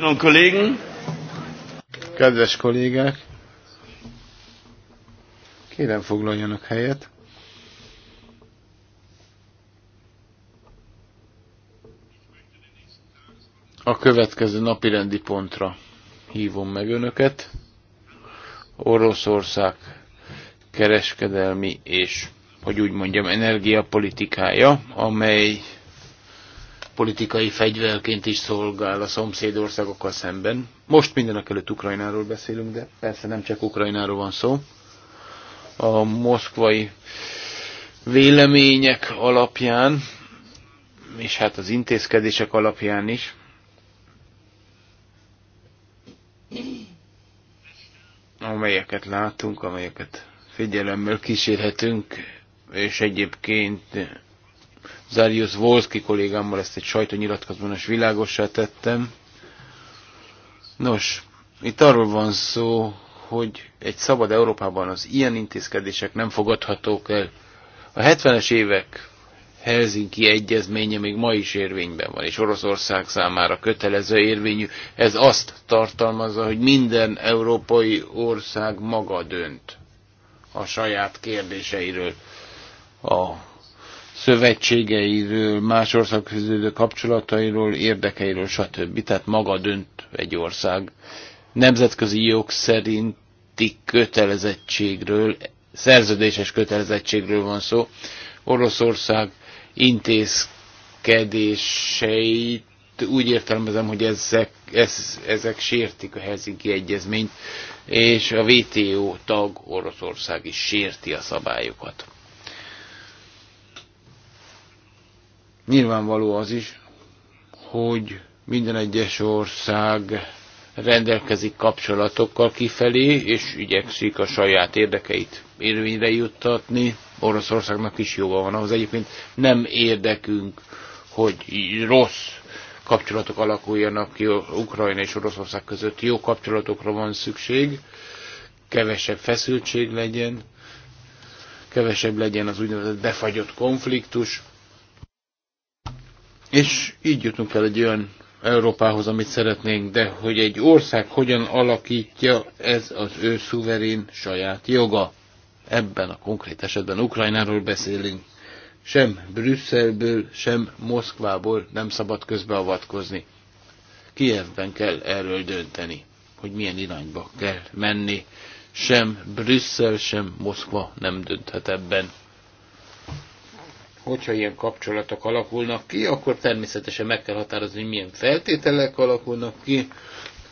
Kolleginnen und Kollegen. Kedves kollégák, kérem foglaljanak helyet. A következő napi rendi pontra hívom meg önöket. Oroszország kereskedelmi és, hogy úgy mondjam, energiapolitikája, amely politikai fegyverként is szolgál a szomszédországokkal szemben. Most mindenek előtt Ukrajnáról beszélünk, de persze nem csak Ukrajnáról van szó. A moszkvai vélemények alapján, és hát az intézkedések alapján is, amelyeket látunk, amelyeket figyelemmel kísérhetünk, és egyébként Zárius Volszki kollégámmal ezt egy sajtónyilatkozban is világossá tettem. Nos, itt arról van szó, hogy egy szabad Európában az ilyen intézkedések nem fogadhatók el. A 70-es évek Helsinki egyezménye még ma is érvényben van, és Oroszország számára kötelező érvényű. Ez azt tartalmazza, hogy minden európai ország maga dönt a saját kérdéseiről. A szövetségeiről, más országhoz fűződő kapcsolatairól, érdekeiről, stb. Tehát maga dönt egy ország nemzetközi jog szerinti kötelezettségről, szerződéses kötelezettségről van szó. Oroszország intézkedéseit úgy értelmezem, hogy ezek, ez, ezek sértik a Helsinki Egyezményt, és a WTO tag Oroszország is sérti a szabályokat. Nyilvánvaló az is, hogy minden egyes ország rendelkezik kapcsolatokkal kifelé, és igyekszik a saját érdekeit érvényre juttatni. Oroszországnak is joga van ahhoz. Egyébként nem érdekünk, hogy rossz kapcsolatok alakuljanak ki Ukrajna és Oroszország között. Jó kapcsolatokra van szükség, kevesebb feszültség legyen, kevesebb legyen az úgynevezett befagyott konfliktus, és így jutunk el egy olyan Európához, amit szeretnénk, de hogy egy ország hogyan alakítja, ez az ő szuverén saját joga. Ebben a konkrét esetben Ukrajnáról beszélünk. Sem Brüsszelből, sem Moszkvából nem szabad közbeavatkozni. Kievben kell erről dönteni, hogy milyen irányba kell menni. Sem Brüsszel, sem Moszkva nem dönthet ebben hogyha ilyen kapcsolatok alakulnak ki, akkor természetesen meg kell határozni, hogy milyen feltételek alakulnak ki.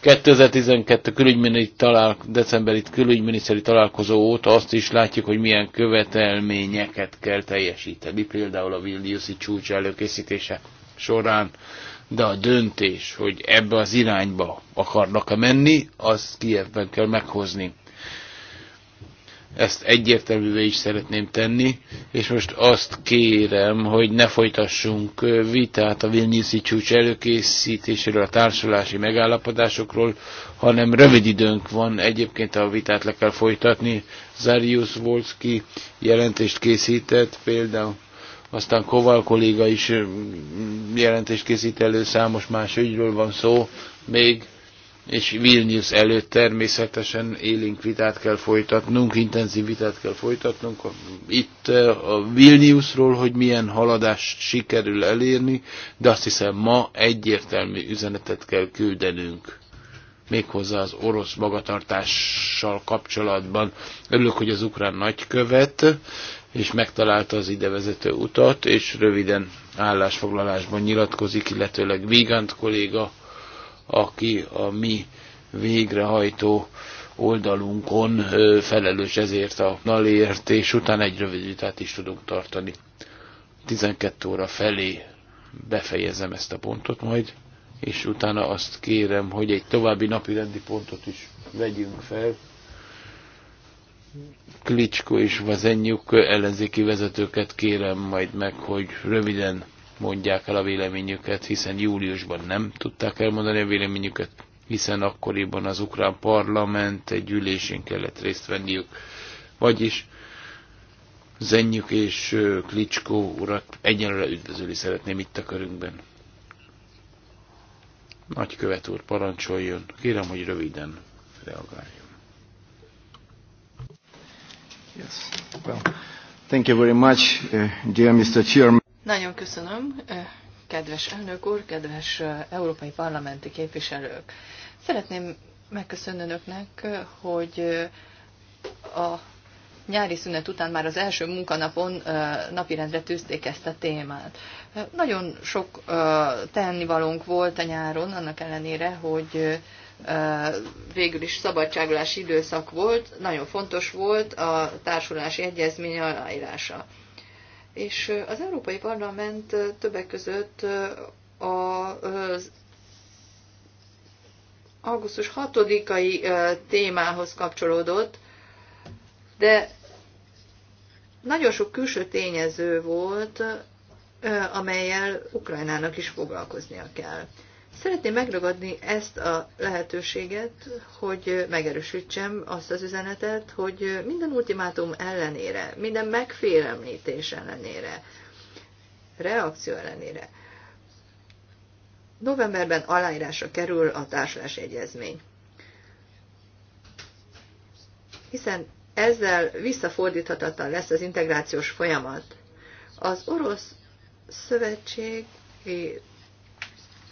2012 külügyminiszteri talál, decemberi külügyminiszteri találkozó óta azt is látjuk, hogy milyen követelményeket kell teljesíteni, például a Vilniuszi csúcs előkészítése során, de a döntés, hogy ebbe az irányba akarnak-e menni, azt Kievben kell meghozni. Ezt egyértelművé is szeretném tenni, és most azt kérem, hogy ne folytassunk vitát a Vilniuszi csúcs előkészítéséről, a társulási megállapodásokról, hanem rövid időnk van, egyébként a vitát le kell folytatni. Zarius Volski jelentést készített például aztán Koval kolléga is jelentést készít elő, számos más ügyről van szó, még és Vilnius előtt természetesen élénk vitát kell folytatnunk, intenzív vitát kell folytatnunk itt eh, a Vilniusról, hogy milyen haladást sikerül elérni, de azt hiszem ma egyértelmű üzenetet kell küldenünk méghozzá az orosz magatartással kapcsolatban. Örülök, hogy az ukrán nagykövet, és megtalálta az idevezető utat, és röviden állásfoglalásban nyilatkozik, illetőleg Vigant kolléga aki a mi végrehajtó oldalunkon felelős ezért a nalért, és utána egy rövid vitát is tudunk tartani. 12 óra felé befejezem ezt a pontot majd, és utána azt kérem, hogy egy további napi rendi pontot is vegyünk fel. Klicsko és Vazenyuk ellenzéki vezetőket kérem majd meg, hogy röviden mondják el a véleményüket, hiszen júliusban nem tudták elmondani a véleményüket, hiszen akkoriban az ukrán parlament egy ülésén kellett részt venniük. Vagyis Zenyük és Klicskó urat egyenlőre üdvözölni szeretném itt a körünkben. Nagykövet úr, parancsoljon. Kérem, hogy röviden reagáljon. Yes. Well, thank you very much, uh, dear Mr. Chairman. Nagyon köszönöm, kedves elnök úr, kedves európai parlamenti képviselők. Szeretném megköszönni önöknek, hogy a nyári szünet után már az első munkanapon napirendre tűzték ezt a témát. Nagyon sok tennivalónk volt a nyáron, annak ellenére, hogy végül is szabadságolási időszak volt, nagyon fontos volt a társulási egyezmény aláírása. És az Európai Parlament többek között az augusztus 6-ai témához kapcsolódott, de nagyon sok külső tényező volt, amelyel Ukrajnának is foglalkoznia kell. Szeretném megragadni ezt a lehetőséget, hogy megerősítsem azt az üzenetet, hogy minden ultimátum ellenére, minden megfélemlítés ellenére, reakció ellenére, novemberben aláírásra kerül a társulás egyezmény. Hiszen ezzel visszafordíthatatlan lesz az integrációs folyamat. Az orosz szövetség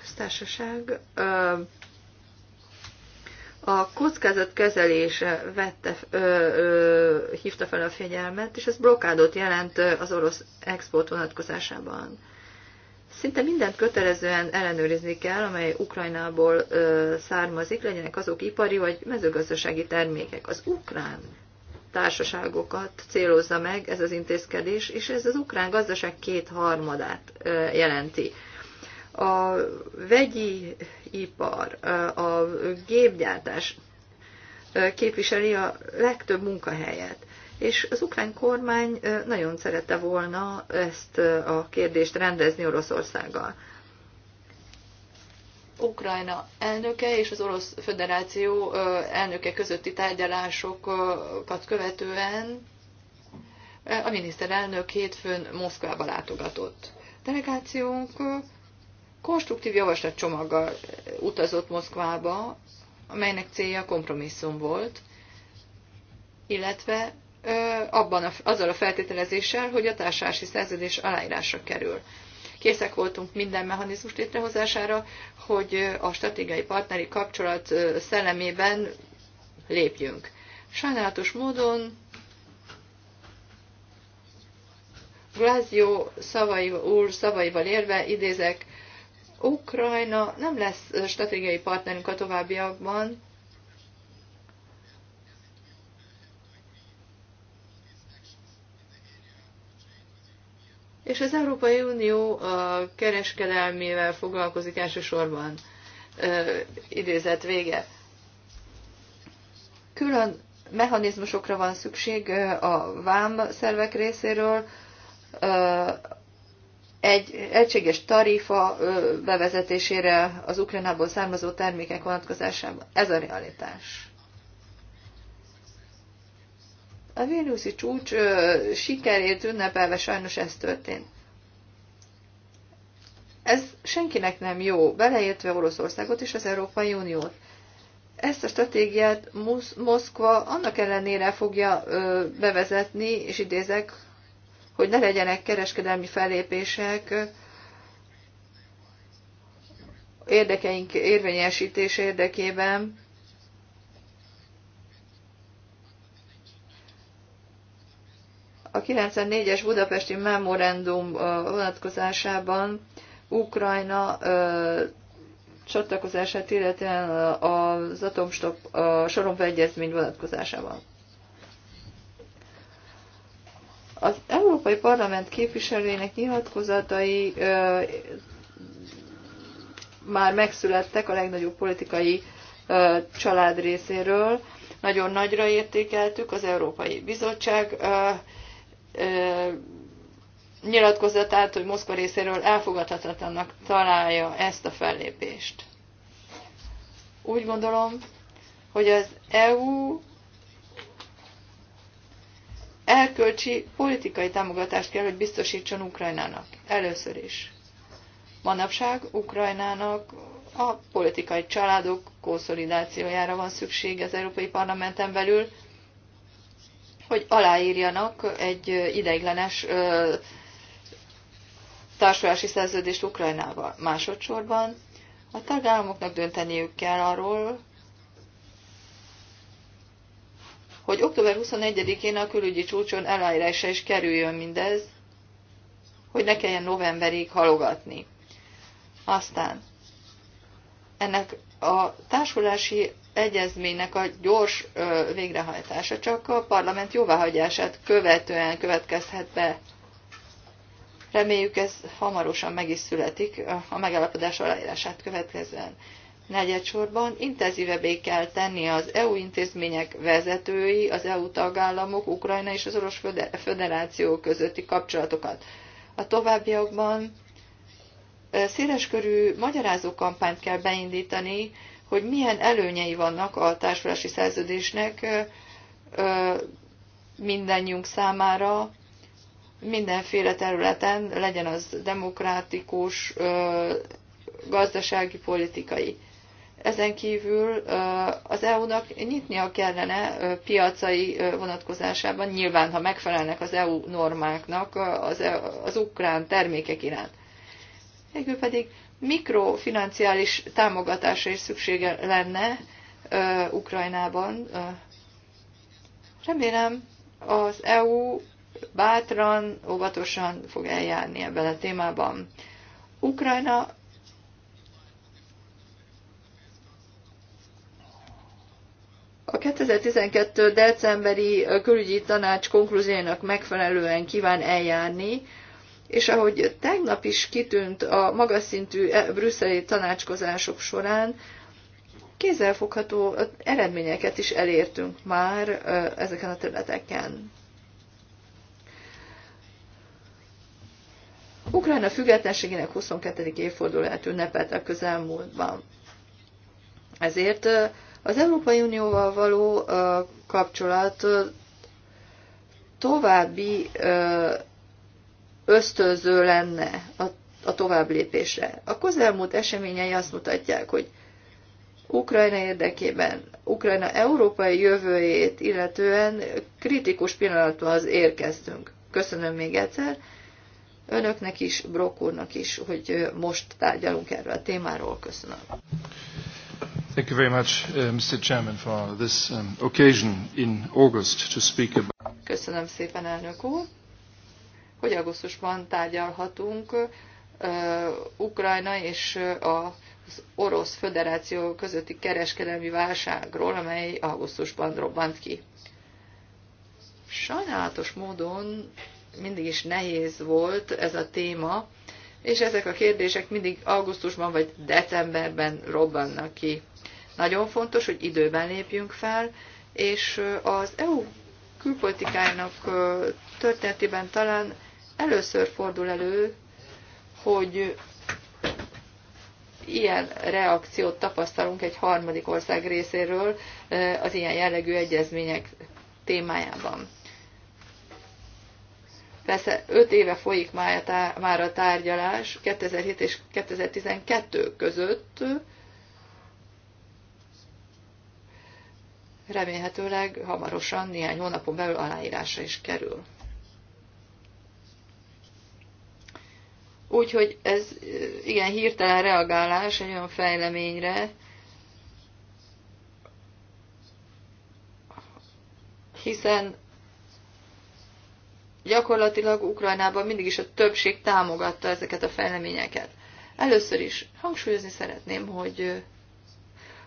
köztársaság a kockázat kezelése vette, ö, ö, hívta fel a figyelmet, és ez blokádot jelent az orosz export vonatkozásában. Szinte mindent kötelezően ellenőrizni kell, amely Ukrajnából ö, származik, legyenek azok ipari vagy mezőgazdasági termékek. Az ukrán társaságokat célozza meg ez az intézkedés, és ez az ukrán gazdaság kétharmadát ö, jelenti a vegyi ipar, a gépgyártás képviseli a legtöbb munkahelyet. És az ukrán kormány nagyon szerette volna ezt a kérdést rendezni Oroszországgal. Ukrajna elnöke és az Orosz Föderáció elnöke közötti tárgyalásokat követően a miniszterelnök hétfőn Moszkvába látogatott. Delegációnk konstruktív javaslatcsomaggal eh, utazott Moszkvába, amelynek célja kompromisszum volt, illetve abban a, azzal a feltételezéssel, hogy a társási szerződés aláírásra kerül. Készek voltunk minden mechanizmus létrehozására, hogy a stratégiai partneri kapcsolat szellemében lépjünk. Sajnálatos módon Glázió szavai, úr szavaival érve idézek, Ukrajna nem lesz stratégiai partnerünk a továbbiakban, és az Európai Unió a kereskedelmével foglalkozik elsősorban ö, vége. Külön mechanizmusokra van szükség a vám szervek részéről, egy egységes tarifa bevezetésére az Ukrajnából származó termékek vonatkozásában. Ez a realitás. A Vilniuszi csúcs sikerért ünnepelve sajnos ez történt. Ez senkinek nem jó, beleértve Oroszországot és az Európai Uniót. Ezt a stratégiát Moszkva annak ellenére fogja bevezetni, és idézek, hogy ne legyenek kereskedelmi fellépések érdekeink érvényesítése érdekében, a 94-es budapesti memorandum vonatkozásában Ukrajna csatlakozását, illetően az atomstop a Soromfa vonatkozásában. Az Európai Parlament képviselőinek nyilatkozatai ö, már megszülettek a legnagyobb politikai ö, család részéről. Nagyon nagyra értékeltük az Európai Bizottság ö, ö, nyilatkozatát, hogy Moszkva részéről elfogadhatatlannak találja ezt a fellépést. Úgy gondolom, hogy az EU erkölcsi, politikai támogatást kell, hogy biztosítson Ukrajnának. Először is. Manapság Ukrajnának a politikai családok konszolidációjára van szükség az Európai Parlamenten belül, hogy aláírjanak egy ideiglenes társulási szerződést Ukrajnával. Másodszorban a tagállamoknak dönteniük kell arról, hogy október 21-én a külügyi csúcson elájrása is kerüljön mindez, hogy ne kelljen novemberig halogatni. Aztán ennek a társulási egyezménynek a gyors végrehajtása csak a parlament jóváhagyását követően következhet be. Reméljük ez hamarosan meg is születik a megállapodás aláírását következően. Negyedsorban intenzívebbé kell tenni az EU intézmények vezetői, az EU tagállamok, Ukrajna és az Orosz Föderáció közötti kapcsolatokat. A továbbiakban széleskörű magyarázó kampányt kell beindítani, hogy milyen előnyei vannak a társulási szerződésnek mindannyiunk számára, mindenféle területen, legyen az demokratikus, gazdasági, politikai. Ezen kívül az EU-nak nyitnia kellene piacai vonatkozásában, nyilván, ha megfelelnek az EU normáknak az, e az ukrán termékek iránt. Végül pedig mikrofinanciális támogatásra is szüksége lenne Ukrajnában. Remélem az EU bátran, óvatosan fog eljárni ebben a témában. Ukrajna A 2012. decemberi külügyi tanács konklúziójának megfelelően kíván eljárni, és ahogy tegnap is kitűnt a magas szintű e, brüsszeli tanácskozások során, kézzelfogható eredményeket is elértünk már ezeken a területeken. Ukrajna függetlenségének 22. évfordulát ünnepelt a közelmúltban. Ezért az Európai Unióval való kapcsolat további ösztönző lenne a, a tovább lépésre. A közelmúlt eseményei azt mutatják, hogy Ukrajna érdekében, Ukrajna európai jövőjét illetően kritikus az érkeztünk. Köszönöm még egyszer önöknek is, Brokurnak is, hogy most tárgyalunk erről a témáról. Köszönöm. Thank you very much, uh, Mr. Chairman, for this um, occasion in August to speak about. Köszönöm szépen, elnök úr, hogy augusztusban tárgyalhatunk uh, Ukrajna és uh, az Orosz Föderáció közötti kereskedelmi válságról, amely augusztusban robbant ki. Sajnálatos módon mindig is nehéz volt ez a téma, és ezek a kérdések mindig augusztusban vagy decemberben robbannak ki. Nagyon fontos, hogy időben lépjünk fel, és az EU külpolitikájának történetében talán először fordul elő, hogy ilyen reakciót tapasztalunk egy harmadik ország részéről az ilyen jellegű egyezmények témájában. Persze 5 éve folyik már a tárgyalás, 2007 és 2012 között remélhetőleg hamarosan, néhány hónapon belül aláírásra is kerül. Úgyhogy ez eh, igen hirtelen reagálás egy olyan fejleményre, hiszen gyakorlatilag Ukrajnában mindig is a többség támogatta ezeket a fejleményeket. Először is hangsúlyozni szeretném, hogy eh,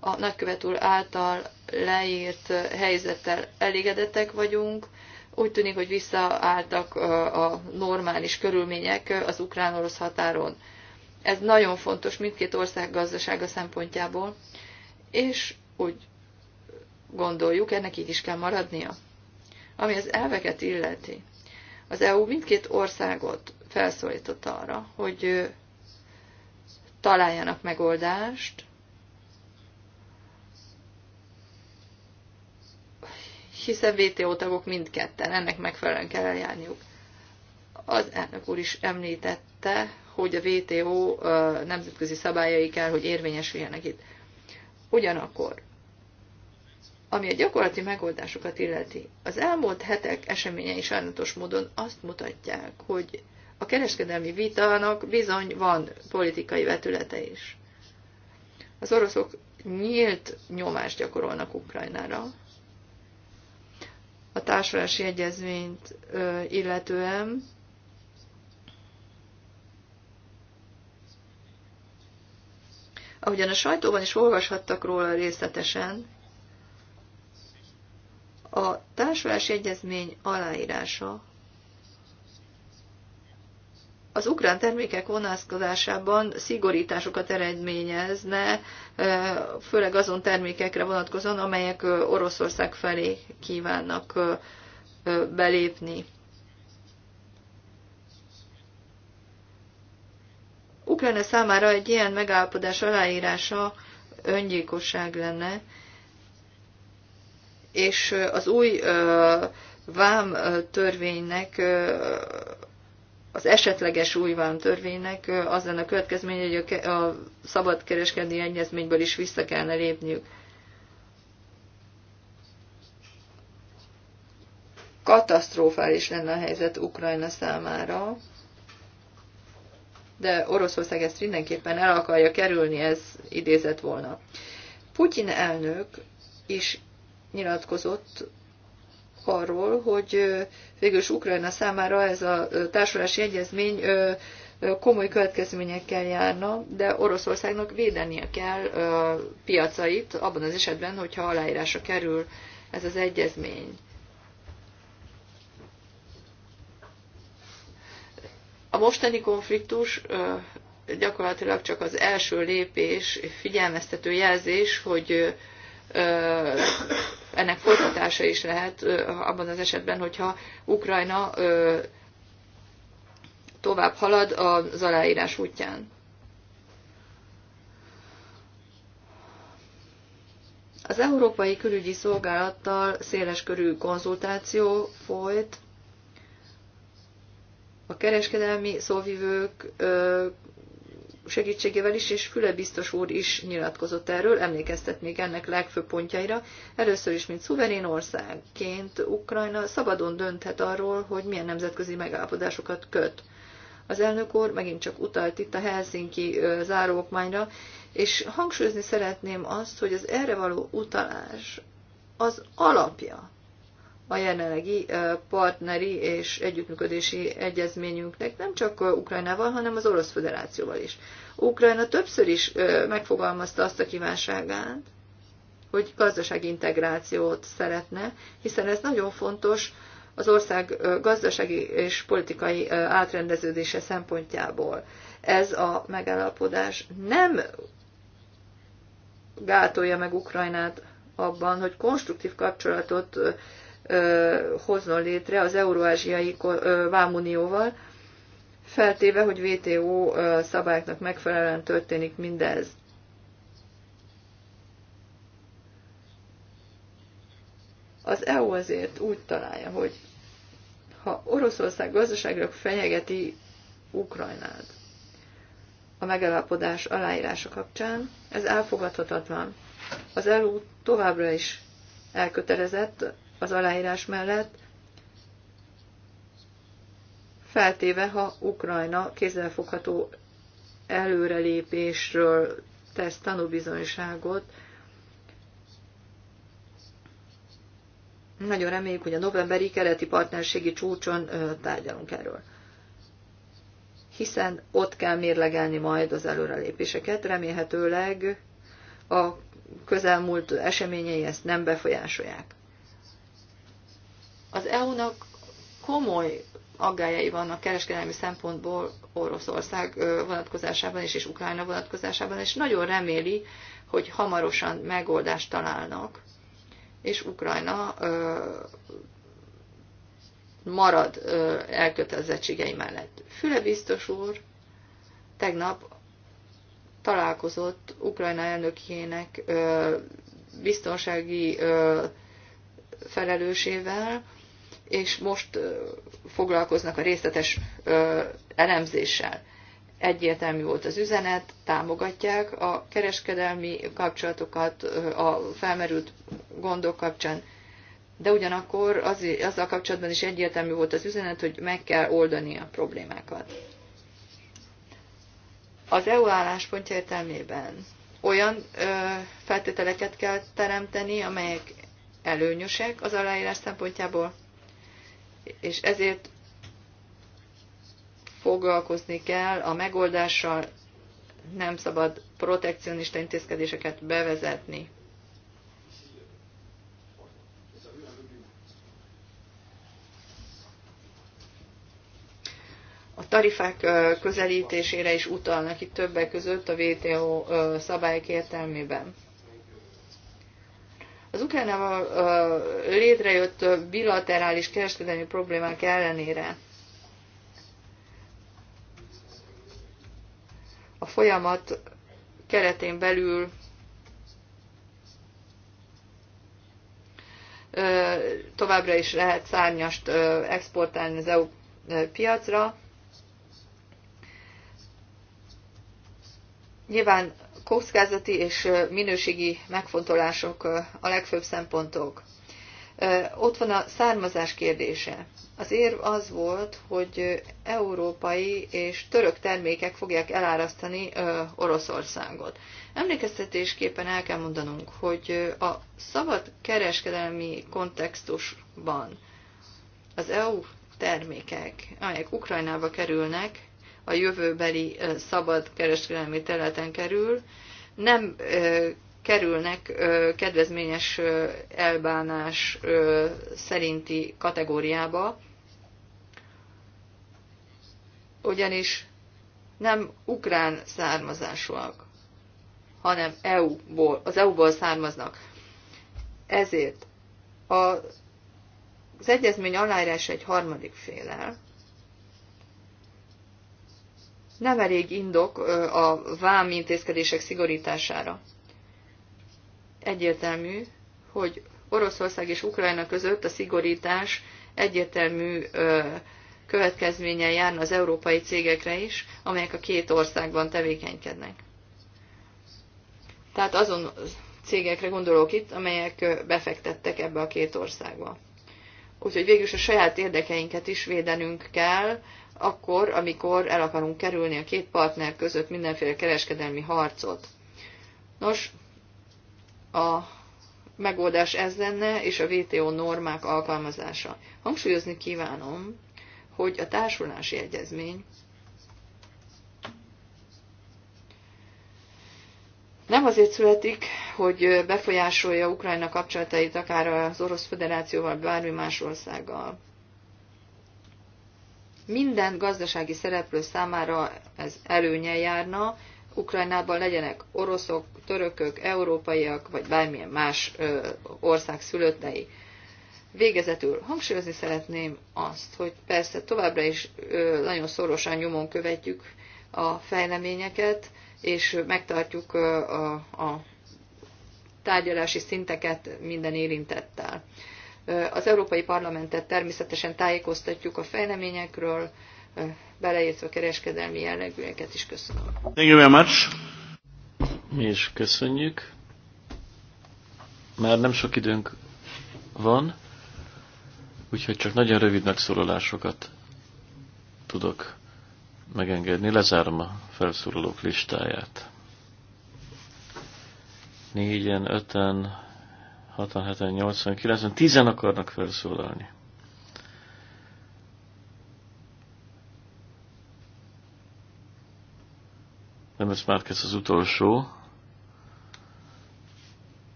a nagykövet úr által leírt helyzettel elégedettek vagyunk. Úgy tűnik, hogy visszaálltak a normális körülmények az ukrán-orosz határon. Ez nagyon fontos mindkét ország gazdasága szempontjából, és úgy gondoljuk, ennek így is kell maradnia. Ami az elveket illeti, az EU mindkét országot felszólította arra, hogy találjanak megoldást hiszen VTO tagok mindketten, ennek megfelelően kell eljárniuk. Az elnök úr is említette, hogy a VTO nemzetközi szabályai kell, hogy érvényesüljenek itt. Ugyanakkor, ami a gyakorlati megoldásokat illeti, az elmúlt hetek eseményei sajnos módon azt mutatják, hogy a kereskedelmi vitának bizony van politikai vetülete is. Az oroszok nyílt nyomást gyakorolnak Ukrajnára, a társulási egyezményt illetően. Ahogyan a sajtóban is olvashattak róla részletesen, a társulási egyezmény aláírása az ukrán termékek vonatkozásában szigorításokat eredményezne, főleg azon termékekre vonatkozóan, amelyek Oroszország felé kívánnak belépni. Ukrajna számára egy ilyen megállapodás aláírása öngyilkosság lenne, és az új vám törvénynek az esetleges új vámtörvénynek az lenne a következménye, hogy a, a szabadkereskedelmi egyezményből is vissza kellene lépniük. Katasztrofális lenne a helyzet Ukrajna számára, de Oroszország ezt mindenképpen el akarja kerülni, ez idézett volna. Putyin elnök is nyilatkozott arról, hogy is Ukrajna számára ez a társulási egyezmény komoly következményekkel járna, de Oroszországnak védenie kell piacait abban az esetben, hogyha aláírásra kerül ez az egyezmény. A mostani konfliktus gyakorlatilag csak az első lépés, figyelmeztető jelzés, hogy ennek folytatása is lehet abban az esetben, hogyha Ukrajna tovább halad az aláírás útján. Az Európai Külügyi Szolgálattal széles körű konzultáció folyt, a kereskedelmi szóvivők segítségével is, és Füle biztos úr is nyilatkozott erről, még ennek legfőbb pontjaira. Először is, mint szuverén országként Ukrajna szabadon dönthet arról, hogy milyen nemzetközi megállapodásokat köt. Az elnök úr megint csak utalt itt a Helsinki záróokmányra, és hangsúlyozni szeretném azt, hogy az erre való utalás az alapja a jelenlegi partneri és együttműködési egyezményünknek nem csak Ukrajnával, hanem az Orosz Föderációval is. Ukrajna többször is megfogalmazta azt a kívánságát, hogy gazdasági integrációt szeretne, hiszen ez nagyon fontos az ország gazdasági és politikai átrendeződése szempontjából. Ez a megállapodás nem gátolja meg Ukrajnát abban, hogy konstruktív kapcsolatot hoznon létre az Euróázsiai Vámunióval, feltéve, hogy VTO szabályoknak megfelelően történik mindez. Az EU azért úgy találja, hogy ha Oroszország gazdaságra fenyegeti Ukrajnát a megállapodás aláírása kapcsán, ez elfogadhatatlan. Az EU továbbra is elkötelezett az aláírás mellett, feltéve, ha Ukrajna kézzelfogható előrelépésről tesz tanúbizonyságot. Nagyon reméljük, hogy a novemberi keleti partnerségi csúcson tárgyalunk erről. Hiszen ott kell mérlegelni majd az előrelépéseket, remélhetőleg a közelmúlt eseményei ezt nem befolyásolják. Az EU-nak komoly aggájai vannak kereskedelmi szempontból Oroszország vonatkozásában is, és Ukrajna vonatkozásában, és nagyon reméli, hogy hamarosan megoldást találnak, és Ukrajna ö, marad ö, elkötelezettségei mellett. Füle biztos úr tegnap találkozott Ukrajna elnökének ö, biztonsági ö, felelősével, és most foglalkoznak a részletes elemzéssel. Egyértelmű volt az üzenet, támogatják a kereskedelmi kapcsolatokat a felmerült gondok kapcsán, de ugyanakkor az, azzal kapcsolatban is egyértelmű volt az üzenet, hogy meg kell oldani a problémákat. Az EU álláspontja értelmében olyan ö, feltételeket kell teremteni, amelyek előnyösek az aláírás szempontjából, és ezért foglalkozni kell a megoldással, nem szabad protekcionista intézkedéseket bevezetni. A tarifák közelítésére is utalnak itt többek között a WTO szabályok értelmében. Az Ukrajnával létrejött bilaterális kereskedelmi problémák ellenére a folyamat keretén belül továbbra is lehet szárnyast exportálni az EU piacra. Nyilván kockázati és minőségi megfontolások a legfőbb szempontok. Ott van a származás kérdése. Az érv az volt, hogy európai és török termékek fogják elárasztani Oroszországot. Emlékeztetésképpen el kell mondanunk, hogy a szabad kereskedelmi kontextusban az EU termékek, amelyek Ukrajnába kerülnek, a jövőbeli szabad kereskedelmi területen kerül, nem kerülnek kedvezményes elbánás szerinti kategóriába, ugyanis nem ukrán származásúak, hanem EU-ból, az EU-ból származnak. Ezért a, az egyezmény aláírása egy harmadik félel, nem elég indok a vám intézkedések szigorítására. Egyértelmű, hogy Oroszország és Ukrajna között a szigorítás egyértelmű következménye járna az európai cégekre is, amelyek a két országban tevékenykednek. Tehát azon cégekre gondolok itt, amelyek befektettek ebbe a két országba. Úgyhogy végülis a saját érdekeinket is védenünk kell, akkor, amikor el akarunk kerülni a két partner között mindenféle kereskedelmi harcot. Nos, a megoldás ez lenne, és a WTO normák alkalmazása. Hangsúlyozni kívánom, hogy a társulási egyezmény nem azért születik, hogy befolyásolja Ukrajna kapcsolatait akár az Orosz Föderációval, bármi más országgal. Minden gazdasági szereplő számára ez előnye járna, Ukrajnában legyenek oroszok, törökök, európaiak, vagy bármilyen más ország szülöttei. Végezetül hangsúlyozni szeretném azt, hogy persze továbbra is nagyon szorosan nyomon követjük a fejleményeket, és megtartjuk a, a, tárgyalási szinteket minden érintettel. Az Európai Parlamentet természetesen tájékoztatjuk a fejleményekről, beleértve a kereskedelmi jellegűeket is köszönöm. Thank you very much. Mi is köszönjük. Már nem sok időnk van, úgyhogy csak nagyon rövid megszólalásokat tudok megengedni. Lezárom a felszólalók listáját négyen, öten, hatan, heten, nyolcan, kilencen, tizen akarnak felszólalni. Nem ez már kezd az utolsó.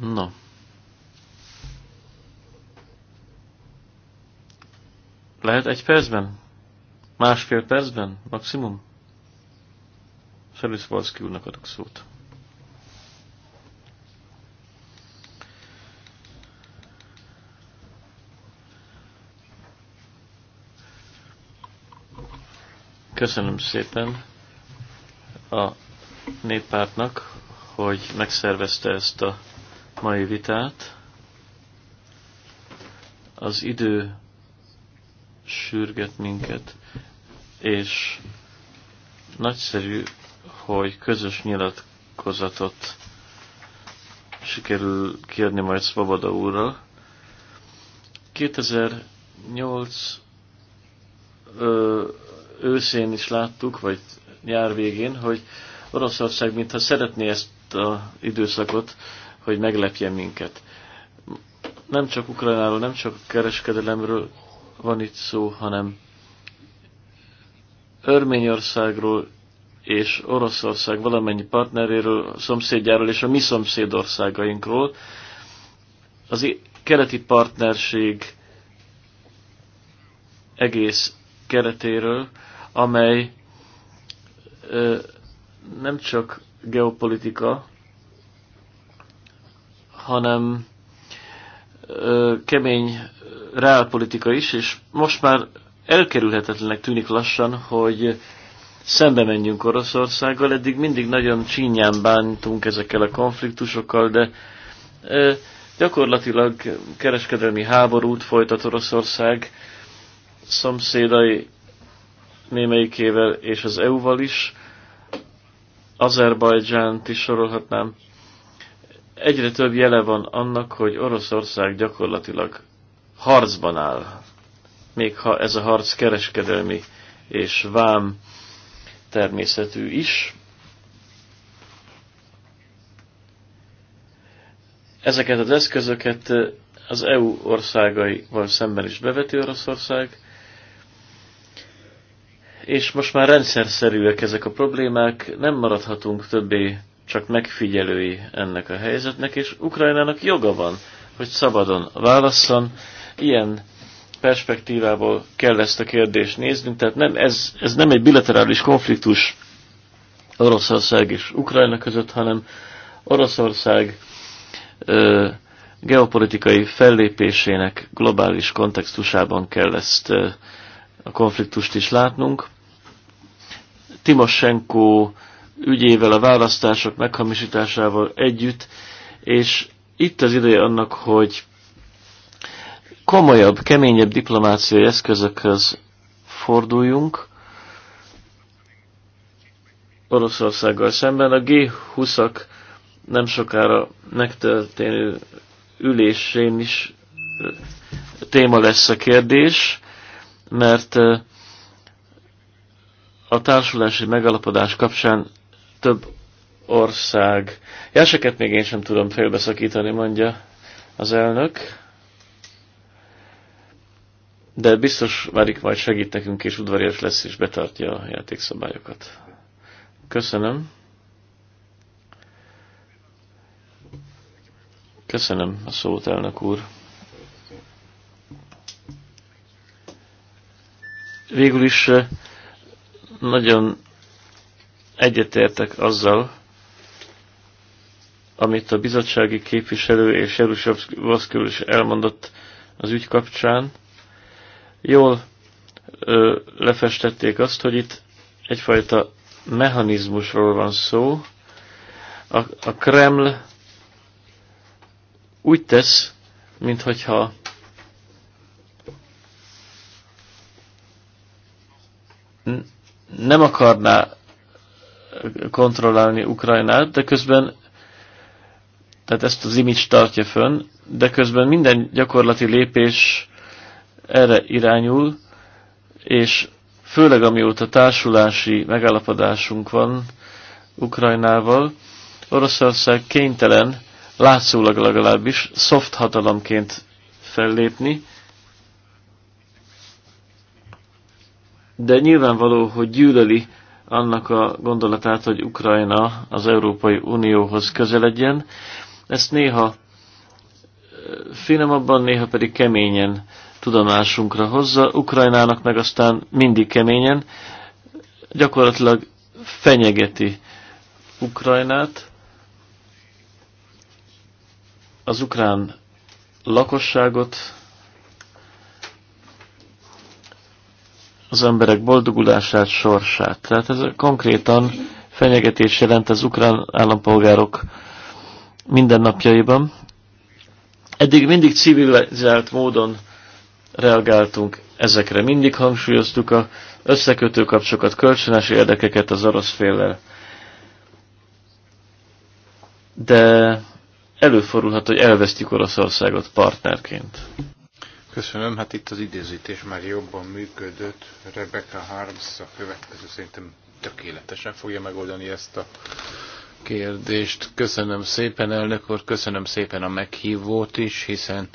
Na. Lehet egy percben? Másfél percben? Maximum? Felusz Valszki úrnak adok szót. Köszönöm szépen a néppártnak, hogy megszervezte ezt a mai vitát. Az idő sürget minket, és nagyszerű, hogy közös nyilatkozatot sikerül kérni majd Svoboda úrral. 2008 ö, őszén is láttuk, vagy nyár végén, hogy Oroszország mintha szeretné ezt az időszakot, hogy meglepje minket. Nem csak Ukrajnáról, nem csak kereskedelemről van itt szó, hanem Örményországról és Oroszország valamennyi partneréről, a szomszédjáról és a mi szomszédországainkról. Az keleti partnerség egész keretéről, amely nem csak geopolitika, hanem kemény reálpolitika is, és most már elkerülhetetlenek tűnik lassan, hogy szembe menjünk Oroszországgal. Eddig mindig nagyon csínyán bántunk ezekkel a konfliktusokkal, de gyakorlatilag kereskedelmi háborút folytat Oroszország szomszédai némelyikével és az EU-val is, Azerbajdzsánt is sorolhatnám. Egyre több jele van annak, hogy Oroszország gyakorlatilag harcban áll, még ha ez a harc kereskedelmi és vám természetű is. Ezeket az eszközöket az EU országaival szemben is beveti Oroszország, és most már rendszerszerűek ezek a problémák, nem maradhatunk többé csak megfigyelői ennek a helyzetnek, és Ukrajnának joga van, hogy szabadon válasszon. Ilyen perspektívából kell ezt a kérdést néznünk, tehát nem, ez, ez nem egy bilaterális konfliktus Oroszország és Ukrajna között, hanem Oroszország ö, geopolitikai fellépésének globális kontextusában kell ezt ö, a konfliktust is látnunk. Timoshenko ügyével, a választások meghamisításával együtt, és itt az ideje annak, hogy komolyabb, keményebb diplomáciai eszközökhöz forduljunk Oroszországgal szemben. A G20-ak nem sokára megtörténő ülésén is téma lesz a kérdés, mert a társulási megalapodás kapcsán több ország. Jeseket még én sem tudom félbeszakítani, mondja az elnök. De biztos várik majd segít nekünk, és udvarias lesz, és betartja a játékszabályokat. Köszönöm. Köszönöm a szót, elnök úr. Végül is eh, nagyon egyetértek azzal, amit a bizottsági képviselő és Jerusov Voszkül is elmondott az ügy kapcsán. Jól ö, lefestették azt, hogy itt egyfajta mechanizmusról van szó. A, a Kreml úgy tesz, minthogyha nem akarná kontrollálni Ukrajnát, de közben, tehát ezt az image tartja fönn, de közben minden gyakorlati lépés erre irányul, és főleg amióta társulási megállapodásunk van Ukrajnával, Oroszország kénytelen, látszólag legalábbis, soft hatalomként fellépni, de nyilvánvaló, hogy gyűlöli annak a gondolatát, hogy Ukrajna az Európai Unióhoz közeledjen. Ezt néha finomabban, néha pedig keményen tudomásunkra hozza. Ukrajnának meg aztán mindig keményen, gyakorlatilag fenyegeti Ukrajnát. Az ukrán lakosságot, az emberek boldogulását, sorsát. Tehát ez konkrétan fenyegetés jelent az ukrán állampolgárok mindennapjaiban. Eddig mindig civilizált módon reagáltunk ezekre. Mindig hangsúlyoztuk a összekötő kapcsokat, kölcsönös érdekeket az orosz féllel. De előfordulhat, hogy elvesztjük Oroszországot partnerként. Köszönöm, hát itt az idézítés már jobban működött. Rebecca Harms a következő szerintem tökéletesen fogja megoldani ezt a kérdést. Köszönöm szépen, elnök úr, köszönöm szépen a meghívót is, hiszen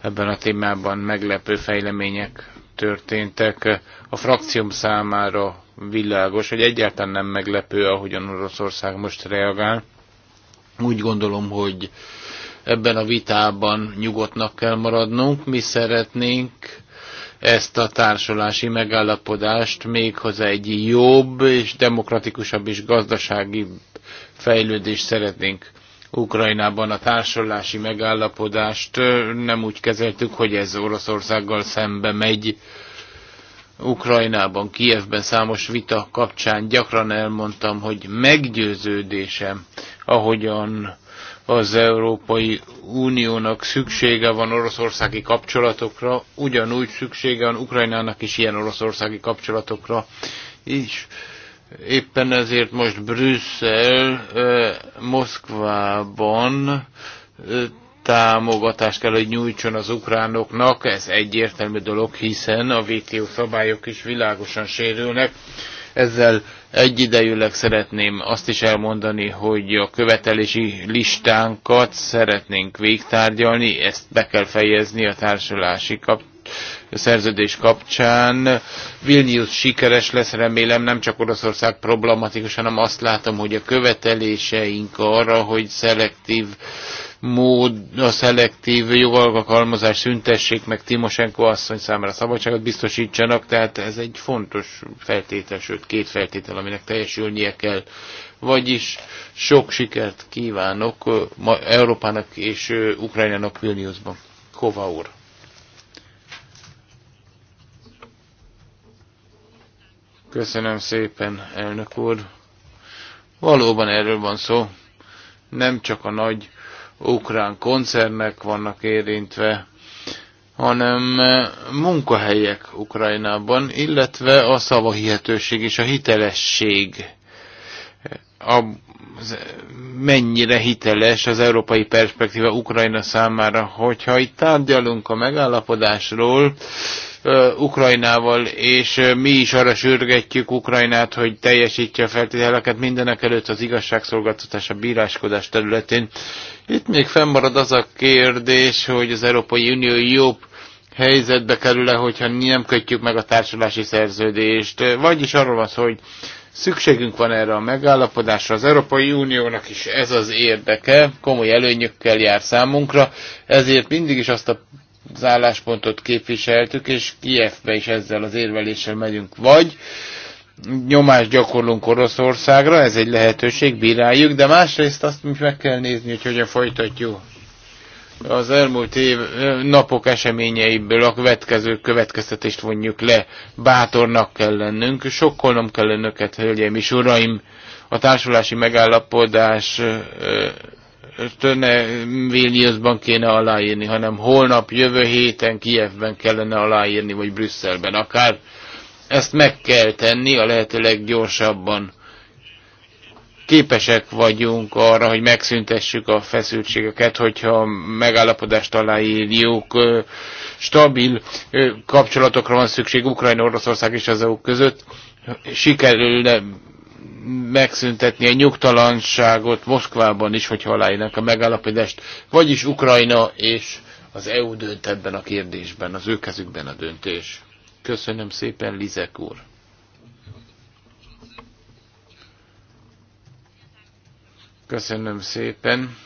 ebben a témában meglepő fejlemények történtek. A frakcióm számára világos, hogy egyáltalán nem meglepő, ahogyan Oroszország most reagál. Úgy gondolom, hogy ebben a vitában nyugodtnak kell maradnunk. Mi szeretnénk ezt a társulási megállapodást méghozzá egy jobb és demokratikusabb és gazdasági fejlődést szeretnénk. Ukrajnában a társulási megállapodást nem úgy kezeltük, hogy ez Oroszországgal szembe megy. Ukrajnában, Kievben számos vita kapcsán gyakran elmondtam, hogy meggyőződésem, ahogyan az Európai Uniónak szüksége van oroszországi kapcsolatokra, ugyanúgy szüksége van Ukrajnának is ilyen oroszországi kapcsolatokra is. Éppen ezért most Brüsszel, Moszkvában támogatást kell, hogy nyújtson az ukránoknak. Ez egyértelmű dolog, hiszen a WTO szabályok is világosan sérülnek. Ezzel Egyidejűleg szeretném azt is elmondani, hogy a követelési listánkat szeretnénk végtárgyalni, ezt be kell fejezni a társulási kap a szerződés kapcsán. Vilnius sikeres lesz, remélem, nem csak Oroszország problematikus, hanem azt látom, hogy a követeléseink arra, hogy szelektív mód, a szelektív jogalkalmazás szüntessék meg Timosenko asszony számára szabadságot biztosítsanak, tehát ez egy fontos feltétel, sőt két feltétel, aminek teljesülnie kell. Vagyis sok sikert kívánok ma Európának és Ukrajnának Vilniusban. Kova úr. Köszönöm szépen, elnök úr. Valóban erről van szó. Nem csak a nagy ukrán koncernek vannak érintve, hanem eh, munkahelyek Ukrajnában, illetve a szavahihetőség és a hitelesség eh, mennyire hiteles az európai perspektíva Ukrajna számára, hogyha itt tárgyalunk a megállapodásról, Ukrajnával, és mi is arra sürgetjük Ukrajnát, hogy teljesítse a feltételeket mindenek előtt az igazságszolgáltatás a bíráskodás területén. Itt még fennmarad az a kérdés, hogy az Európai Unió jobb helyzetbe kerül-e, hogyha nem kötjük meg a társulási szerződést. Vagyis arról van szó, hogy Szükségünk van erre a megállapodásra. Az Európai Uniónak is ez az érdeke, komoly előnyökkel jár számunkra, ezért mindig is azt a az álláspontot képviseltük, és Kievbe is ezzel az érveléssel megyünk. Vagy nyomást gyakorlunk Oroszországra, ez egy lehetőség, bíráljuk, de másrészt azt is meg kell nézni, hogy hogyan folytatjuk az elmúlt év napok eseményeiből a következő következtetést vonjuk le. Bátornak kell lennünk, sokkolnom kell önöket, hölgyeim és uraim. A társulási megállapodás ne Vilniusban kéne aláírni, hanem holnap, jövő héten Kievben kellene aláírni, vagy Brüsszelben akár. Ezt meg kell tenni a lehető leggyorsabban képesek vagyunk arra, hogy megszüntessük a feszültségeket, hogyha megállapodást aláírjuk, stabil kapcsolatokra van szükség Ukrajna, Oroszország és az EU között, sikerülne megszüntetni a nyugtalanságot Moszkvában is, hogyha aláírnak a megállapodást, vagyis Ukrajna és az EU dönt ebben a kérdésben, az ő kezükben a döntés. Köszönöm szépen, Lizek úr! Köszönöm szépen.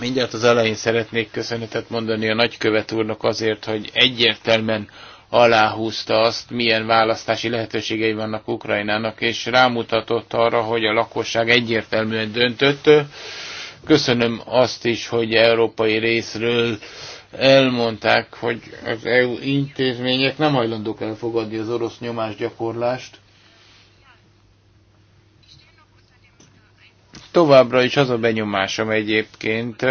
Mindjárt az elején szeretnék köszönetet mondani a nagykövet úrnak azért, hogy egyértelműen aláhúzta azt, milyen választási lehetőségei vannak Ukrajnának, és rámutatott arra, hogy a lakosság egyértelműen döntött. Köszönöm azt is, hogy európai részről elmondták, hogy az EU intézmények nem hajlandók elfogadni az orosz nyomásgyakorlást, Továbbra is az a benyomásom egyébként,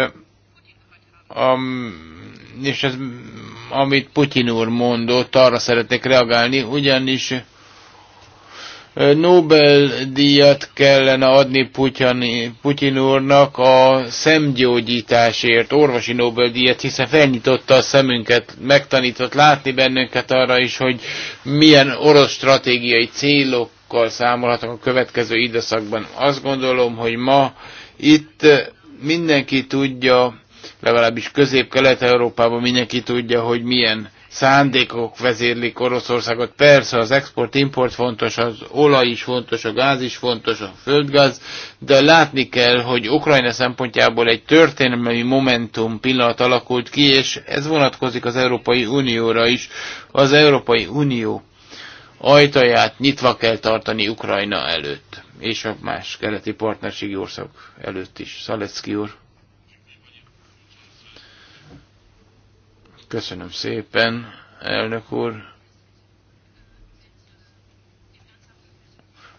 am, és ez, amit Putyin úr mondott, arra szeretnék reagálni, ugyanis Nobel-díjat kellene adni Putyin, Putyin úrnak a szemgyógyításért, orvosi Nobel-díjat, hiszen felnyitotta a szemünket, megtanított látni bennünket arra is, hogy milyen orosz stratégiai célok haladásokkal számolhatunk a következő időszakban. Azt gondolom, hogy ma itt mindenki tudja, legalábbis közép-kelet-európában mindenki tudja, hogy milyen szándékok vezérlik Oroszországot. Persze az export-import fontos, az olaj is fontos, a gáz is fontos, a földgáz, de látni kell, hogy Ukrajna szempontjából egy történelmi momentum pillanat alakult ki, és ez vonatkozik az Európai Unióra is. Az Európai Unió ajtaját nyitva kell tartani Ukrajna előtt, és a más keleti partnerségi ország előtt is. Szalecki úr. Köszönöm szépen, elnök úr.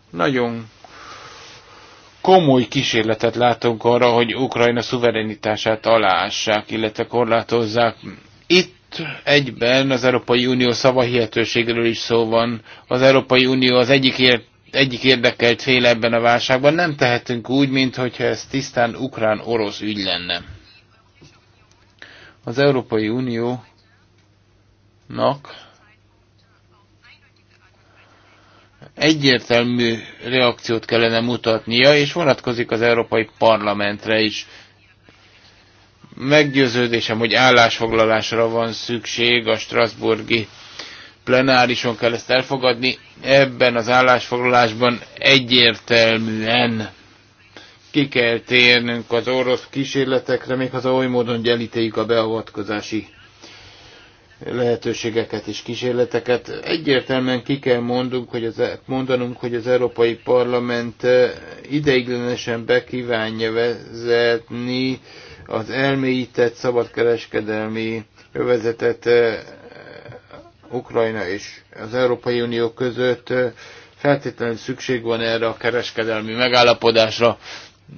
Nagyon komoly kísérletet látunk arra, hogy Ukrajna szuverenitását aláássák, illetve korlátozzák. Itt egyben az Európai Unió szavahihetőségről is szó van. Az Európai Unió az egyik, ér, egyik érdekelt fél ebben a válságban. Nem tehetünk úgy, mintha ez tisztán ukrán-orosz ügy lenne. Az Európai Uniónak egyértelmű reakciót kellene mutatnia, és vonatkozik az Európai Parlamentre is meggyőződésem, hogy állásfoglalásra van szükség a Strasburgi plenárison kell ezt elfogadni. Ebben az állásfoglalásban egyértelműen ki kell térnünk az orosz kísérletekre, még az oly módon, gyelítéjük a beavatkozási lehetőségeket és kísérleteket. Egyértelműen ki kell mondunk, hogy az, e- mondanunk, hogy az Európai Parlament eh, ideiglenesen bekívánja vezetni az elmélyített szabadkereskedelmi övezetet eh, Ukrajna és az Európai Unió között eh, feltétlenül szükség van erre a kereskedelmi megállapodásra,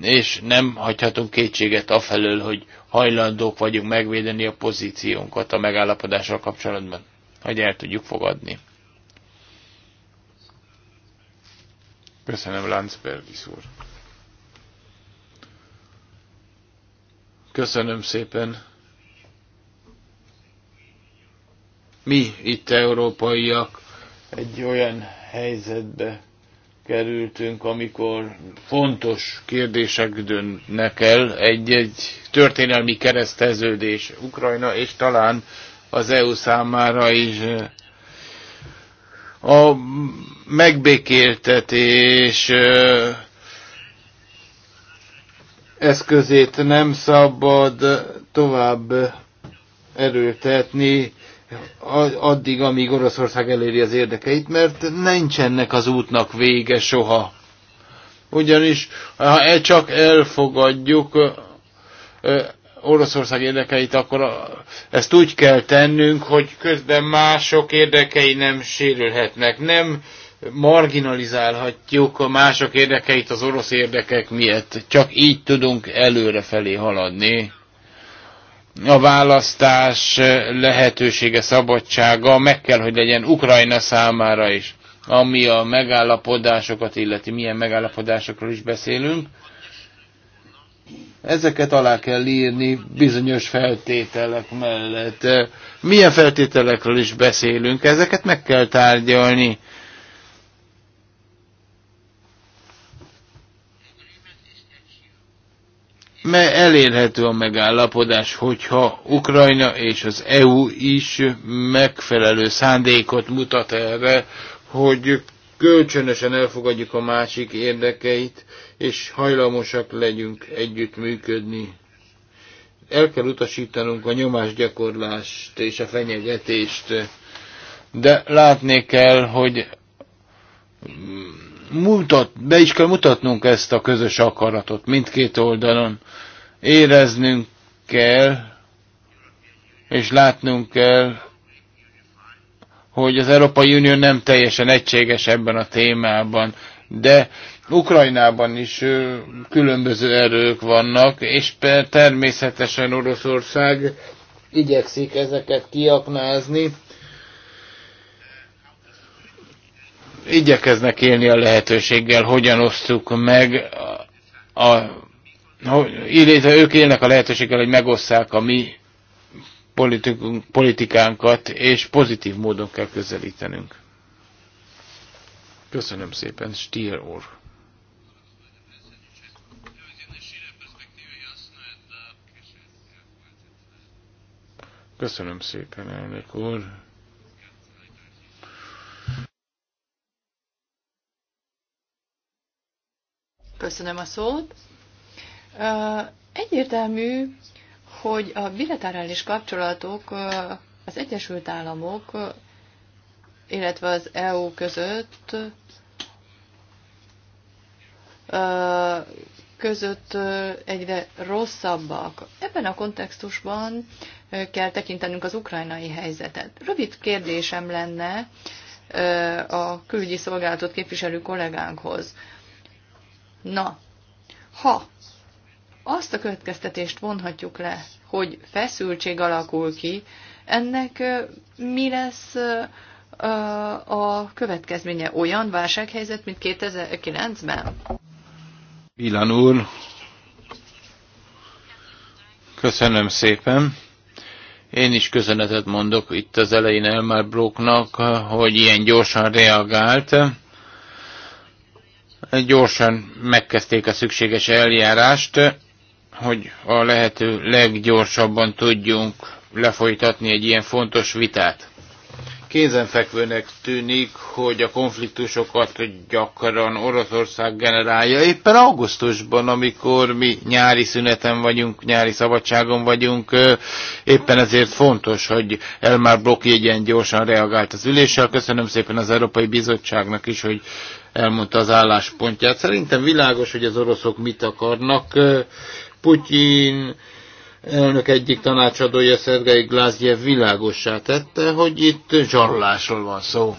és nem hagyhatunk kétséget afelől, hogy hajlandók vagyunk megvédeni a pozíciónkat a megállapodással kapcsolatban, hogy el tudjuk fogadni. Köszönöm, Landsbergis úr. Köszönöm szépen. Mi itt európaiak egy olyan helyzetbe kerültünk, amikor fontos kérdések dönnek el egy-egy történelmi kereszteződés Ukrajna és talán az EU számára is a megbékéltetés eszközét nem szabad tovább erőltetni addig, amíg Oroszország eléri az érdekeit, mert nincsenek az útnak vége soha. Ugyanis, ha e csak elfogadjuk Oroszország érdekeit, akkor ezt úgy kell tennünk, hogy közben mások érdekei nem sérülhetnek. Nem marginalizálhatjuk a mások érdekeit az orosz érdekek miatt. Csak így tudunk előrefelé haladni. A választás lehetősége, szabadsága meg kell, hogy legyen Ukrajna számára is. Ami a megállapodásokat illeti, milyen megállapodásokról is beszélünk. Ezeket alá kell írni bizonyos feltételek mellett. Milyen feltételekről is beszélünk, ezeket meg kell tárgyalni mert elérhető a megállapodás, hogyha Ukrajna és az EU is megfelelő szándékot mutat erre, hogy kölcsönösen elfogadjuk a másik érdekeit, és hajlamosak legyünk együttműködni. El kell utasítanunk a nyomásgyakorlást és a fenyegetést, de látni kell, hogy mutat, be is kell mutatnunk ezt a közös akaratot mindkét oldalon. Éreznünk kell, és látnunk kell, hogy az Európai Unió nem teljesen egységes ebben a témában, de Ukrajnában is különböző erők vannak, és természetesen Oroszország igyekszik ezeket kiaknázni, igyekeznek élni a lehetőséggel, hogyan osztjuk meg, a, a, illetve ők élnek a lehetőséggel, hogy megosszák a mi politikánkat, és pozitív módon kell közelítenünk. Köszönöm szépen, Stier úr. Köszönöm szépen, elnök úr. Köszönöm a szót. Egyértelmű, hogy a bilaterális kapcsolatok az Egyesült Államok, illetve az EU között között egyre rosszabbak. Ebben a kontextusban kell tekintenünk az ukrajnai helyzetet. Rövid kérdésem lenne a külügyi szolgálatot képviselő kollégánkhoz. Na, ha azt a következtetést vonhatjuk le, hogy feszültség alakul ki, ennek mi lesz a következménye? Olyan válsághelyzet, mint 2009-ben? Ilan úr, köszönöm szépen. Én is köszönetet mondok itt az elején Elmar Brocknak, hogy ilyen gyorsan reagált Gyorsan megkezdték a szükséges eljárást, hogy a lehető leggyorsabban tudjunk lefolytatni egy ilyen fontos vitát kézenfekvőnek tűnik, hogy a konfliktusokat gyakran Oroszország generálja. Éppen augusztusban, amikor mi nyári szüneten vagyunk, nyári szabadságon vagyunk, éppen ezért fontos, hogy Elmar Blok ilyen gyorsan reagált az üléssel. Köszönöm szépen az Európai Bizottságnak is, hogy elmondta az álláspontját. Szerintem világos, hogy az oroszok mit akarnak. Putyin elnök egyik tanácsadója, Szergei Glázjev világossá tette, hogy itt zsarolásról van szó.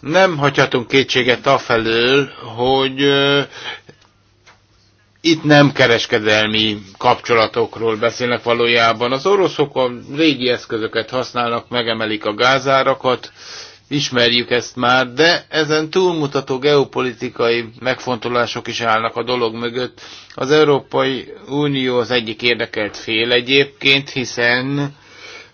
Nem hagyhatunk kétséget afelől, hogy itt nem kereskedelmi kapcsolatokról beszélnek valójában. Az oroszok a régi eszközöket használnak, megemelik a gázárakat, ismerjük ezt már, de ezen túlmutató geopolitikai megfontolások is állnak a dolog mögött. Az Európai Unió az egyik érdekelt fél egyébként, hiszen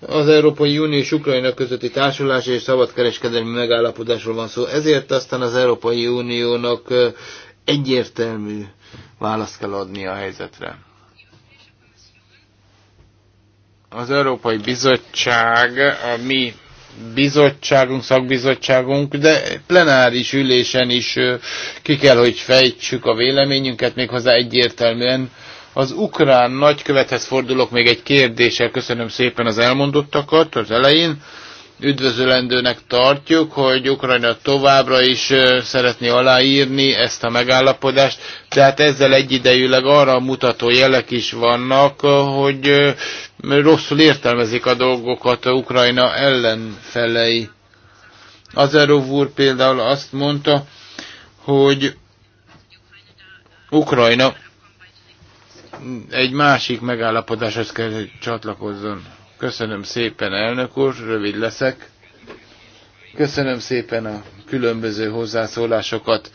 az Európai Unió és Ukrajna közötti társulás és szabadkereskedelmi megállapodásról van szó. Ezért aztán az Európai Uniónak egyértelmű választ kell adni a helyzetre. Az Európai Bizottság a mi bizottságunk, szakbizottságunk, de plenáris ülésen is ki kell, hogy fejtsük a véleményünket, méghozzá egyértelműen. Az ukrán nagykövethez fordulok még egy kérdéssel, köszönöm szépen az elmondottakat az elején. Üdvözölendőnek tartjuk, hogy Ukrajna továbbra is szeretné aláírni ezt a megállapodást, tehát ezzel egyidejűleg arra mutató jelek is vannak, hogy rosszul értelmezik a dolgokat a Ukrajna ellenfelei. Azerov úr például azt mondta, hogy Ukrajna egy másik megállapodáshoz kell, hogy csatlakozzon. Köszönöm szépen, elnök úr, rövid leszek. Köszönöm szépen a különböző hozzászólásokat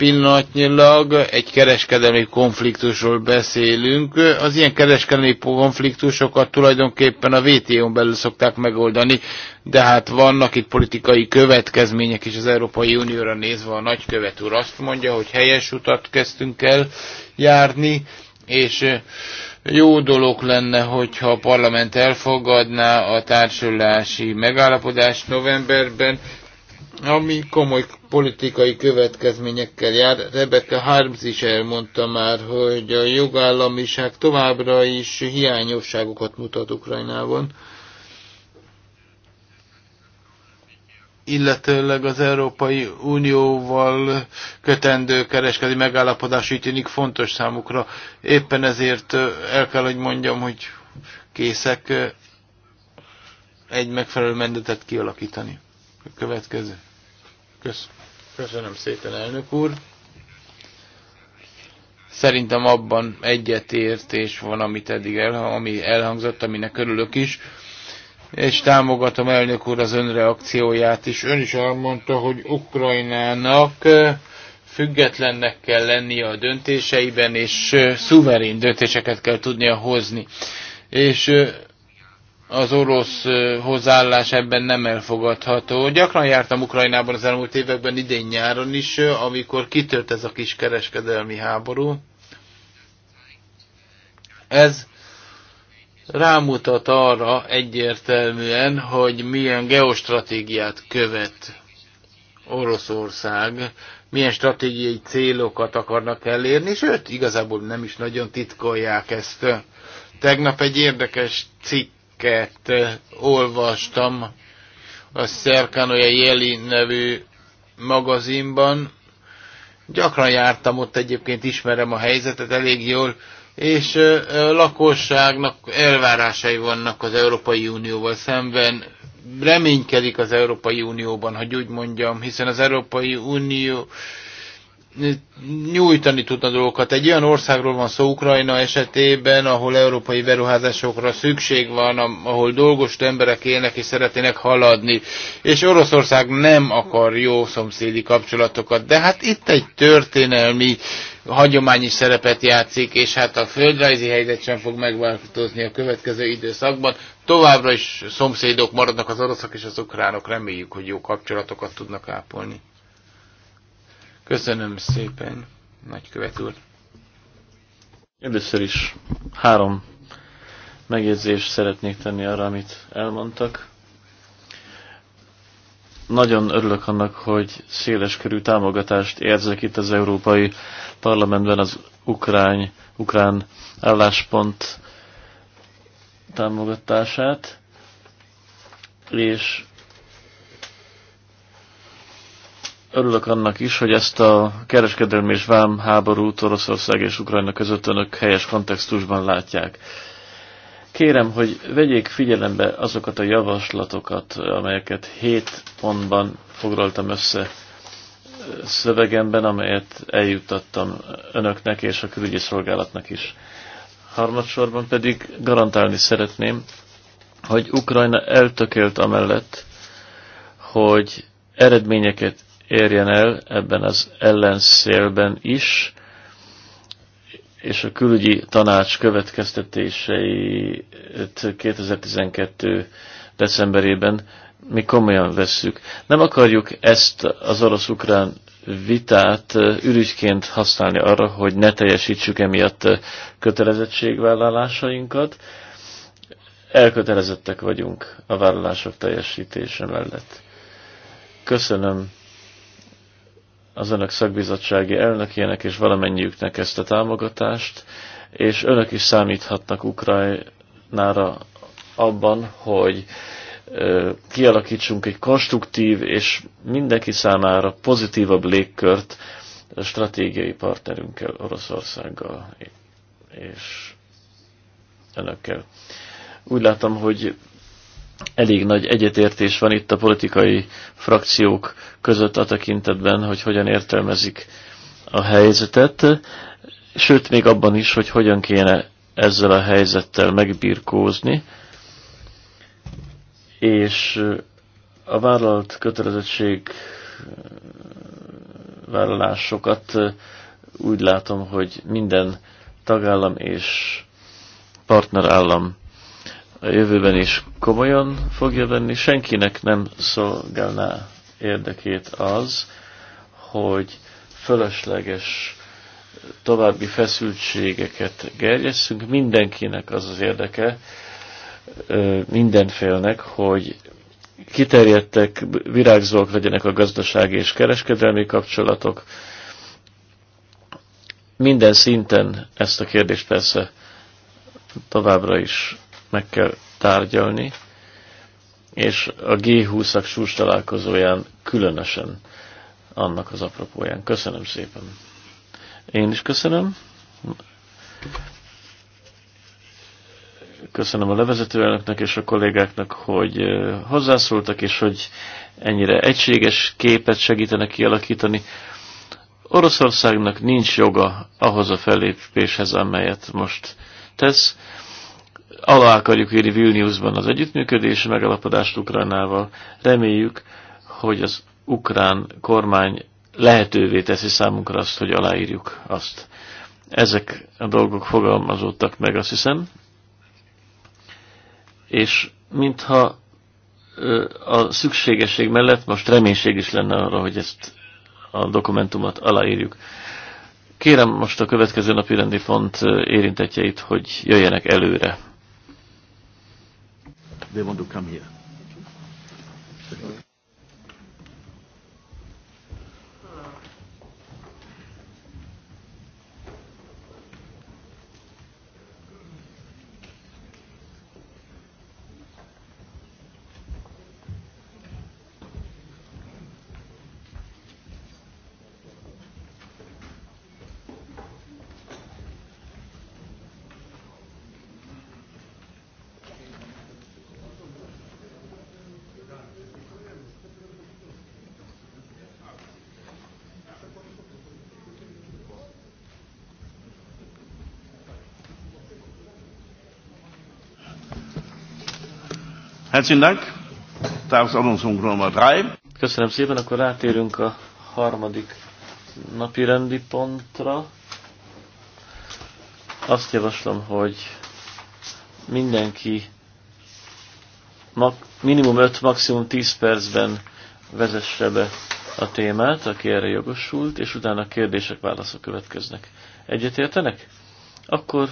pillanatnyilag egy kereskedelmi konfliktusról beszélünk. Az ilyen kereskedelmi konfliktusokat tulajdonképpen a WTO-n belül szokták megoldani, de hát vannak itt politikai következmények is az Európai Unióra nézve. A nagykövet úr azt mondja, hogy helyes utat kezdtünk el járni, és jó dolog lenne, hogyha a parlament elfogadná a társulási megállapodást novemberben, ami komoly politikai következményekkel jár. Rebecca Harms is elmondta már, hogy a jogállamiság továbbra is hiányosságokat mutat Ukrajnában. illetőleg az Európai Unióval kötendő kereskedi megállapodás így tűnik fontos számukra. Éppen ezért el kell, hogy mondjam, hogy készek egy megfelelő mendetet kialakítani. Következő. Köszönöm szépen, elnök úr. Szerintem abban egyetértés van, amit eddig elhang, ami elhangzott, aminek örülök is és támogatom elnök úr az önreakcióját is. Ön is elmondta, hogy Ukrajnának függetlennek kell lennie a döntéseiben, és szuverén döntéseket kell tudnia hozni. És az orosz hozzáállás ebben nem elfogadható. Gyakran jártam Ukrajnában az elmúlt években, idén nyáron is, amikor kitört ez a kis kereskedelmi háború. Ez rámutat arra egyértelműen, hogy milyen geostratégiát követ Oroszország, milyen stratégiai célokat akarnak elérni, sőt, igazából nem is nagyon titkolják ezt. Tegnap egy érdekes cikk cikket olvastam a Szerkanoja Jeli nevű magazinban. Gyakran jártam ott egyébként, ismerem a helyzetet elég jól, és lakosságnak elvárásai vannak az Európai Unióval szemben. Reménykedik az Európai Unióban, hogy úgy mondjam, hiszen az Európai Unió nyújtani tudna dolgokat. Egy olyan országról van szó Ukrajna esetében, ahol európai beruházásokra szükség van, ahol dolgos emberek élnek és szeretnének haladni, és Oroszország nem akar jó szomszédi kapcsolatokat. De hát itt egy történelmi hagyományi szerepet játszik, és hát a földrajzi helyzet sem fog megváltozni a következő időszakban. Továbbra is szomszédok maradnak az oroszok és az ukránok, reméljük, hogy jó kapcsolatokat tudnak ápolni. Köszönöm szépen, nagykövet úr. Először is három megjegyzést szeretnék tenni arra, amit elmondtak. Nagyon örülök annak, hogy széles körű támogatást érzek itt az Európai Parlamentben az ukrány, ukrán álláspont támogatását, és Örülök annak is, hogy ezt a kereskedelmi és vám háborút Oroszország és Ukrajna között önök helyes kontextusban látják. Kérem, hogy vegyék figyelembe azokat a javaslatokat, amelyeket hét pontban foglaltam össze szövegemben, amelyet eljuttattam önöknek és a külügyi szolgálatnak is. Harmadsorban pedig garantálni szeretném, hogy Ukrajna eltökélt amellett, hogy eredményeket érjen el ebben az ellenszélben is, és a külügyi tanács következtetéseit 2012. decemberében mi komolyan vesszük. Nem akarjuk ezt az orosz-ukrán vitát eh, ürügyként használni arra, hogy ne teljesítsük emiatt eh, kötelezettségvállalásainkat. Elkötelezettek vagyunk a vállalások teljesítése mellett. Köszönöm az önök szakbizottsági elnökének és valamennyiüknek ezt a támogatást, és önök is számíthatnak Ukrajnára abban, hogy kialakítsunk egy konstruktív és mindenki számára pozitívabb légkört a stratégiai partnerünkkel, Oroszországgal és önökkel. Úgy látom, hogy elég nagy egyetértés van itt a politikai frakciók között a tekintetben, hogy hogyan értelmezik a helyzetet, sőt még abban is, hogy hogyan kéne ezzel a helyzettel megbirkózni, és a vállalt kötelezettség vállalásokat úgy látom, hogy minden tagállam és partnerállam a jövőben is komolyan fogja venni. Senkinek nem szolgálná érdekét az, hogy fölösleges további feszültségeket gerjesszünk. Mindenkinek az az érdeke, mindenfélnek, hogy kiterjedtek, virágzók legyenek a gazdasági és kereskedelmi kapcsolatok. Minden szinten ezt a kérdést persze továbbra is meg kell tárgyalni, és a G20-ak sús találkozóján különösen annak az apropóján. Köszönöm szépen. Én is köszönöm. Köszönöm a levezetőelnöknek és a kollégáknak, hogy hozzászóltak, és hogy ennyire egységes képet segítenek kialakítani. Oroszországnak nincs joga ahhoz a fellépéshez, amelyet most tesz alá akarjuk írni Vilniusban az együttműködés megalapodást Ukránával. Reméljük, hogy az ukrán kormány lehetővé teszi számunkra azt, hogy aláírjuk azt. Ezek a dolgok fogalmazódtak meg, azt hiszem. És mintha a szükségesség mellett most reménység is lenne arra, hogy ezt a dokumentumot aláírjuk. Kérem most a következő napi rendi font érintetjeit, hogy jöjjenek előre they want to come here. Herzlichen Dank. Tagesordnungspunkt Nummer 3. Köszönöm szépen, akkor rátérünk a harmadik napi rendi pontra. Azt javaslom, hogy mindenki minimum 5, maximum 10 percben vezesse be a témát, aki erre jogosult, és utána kérdések, válaszok következnek. Egyetértenek? Akkor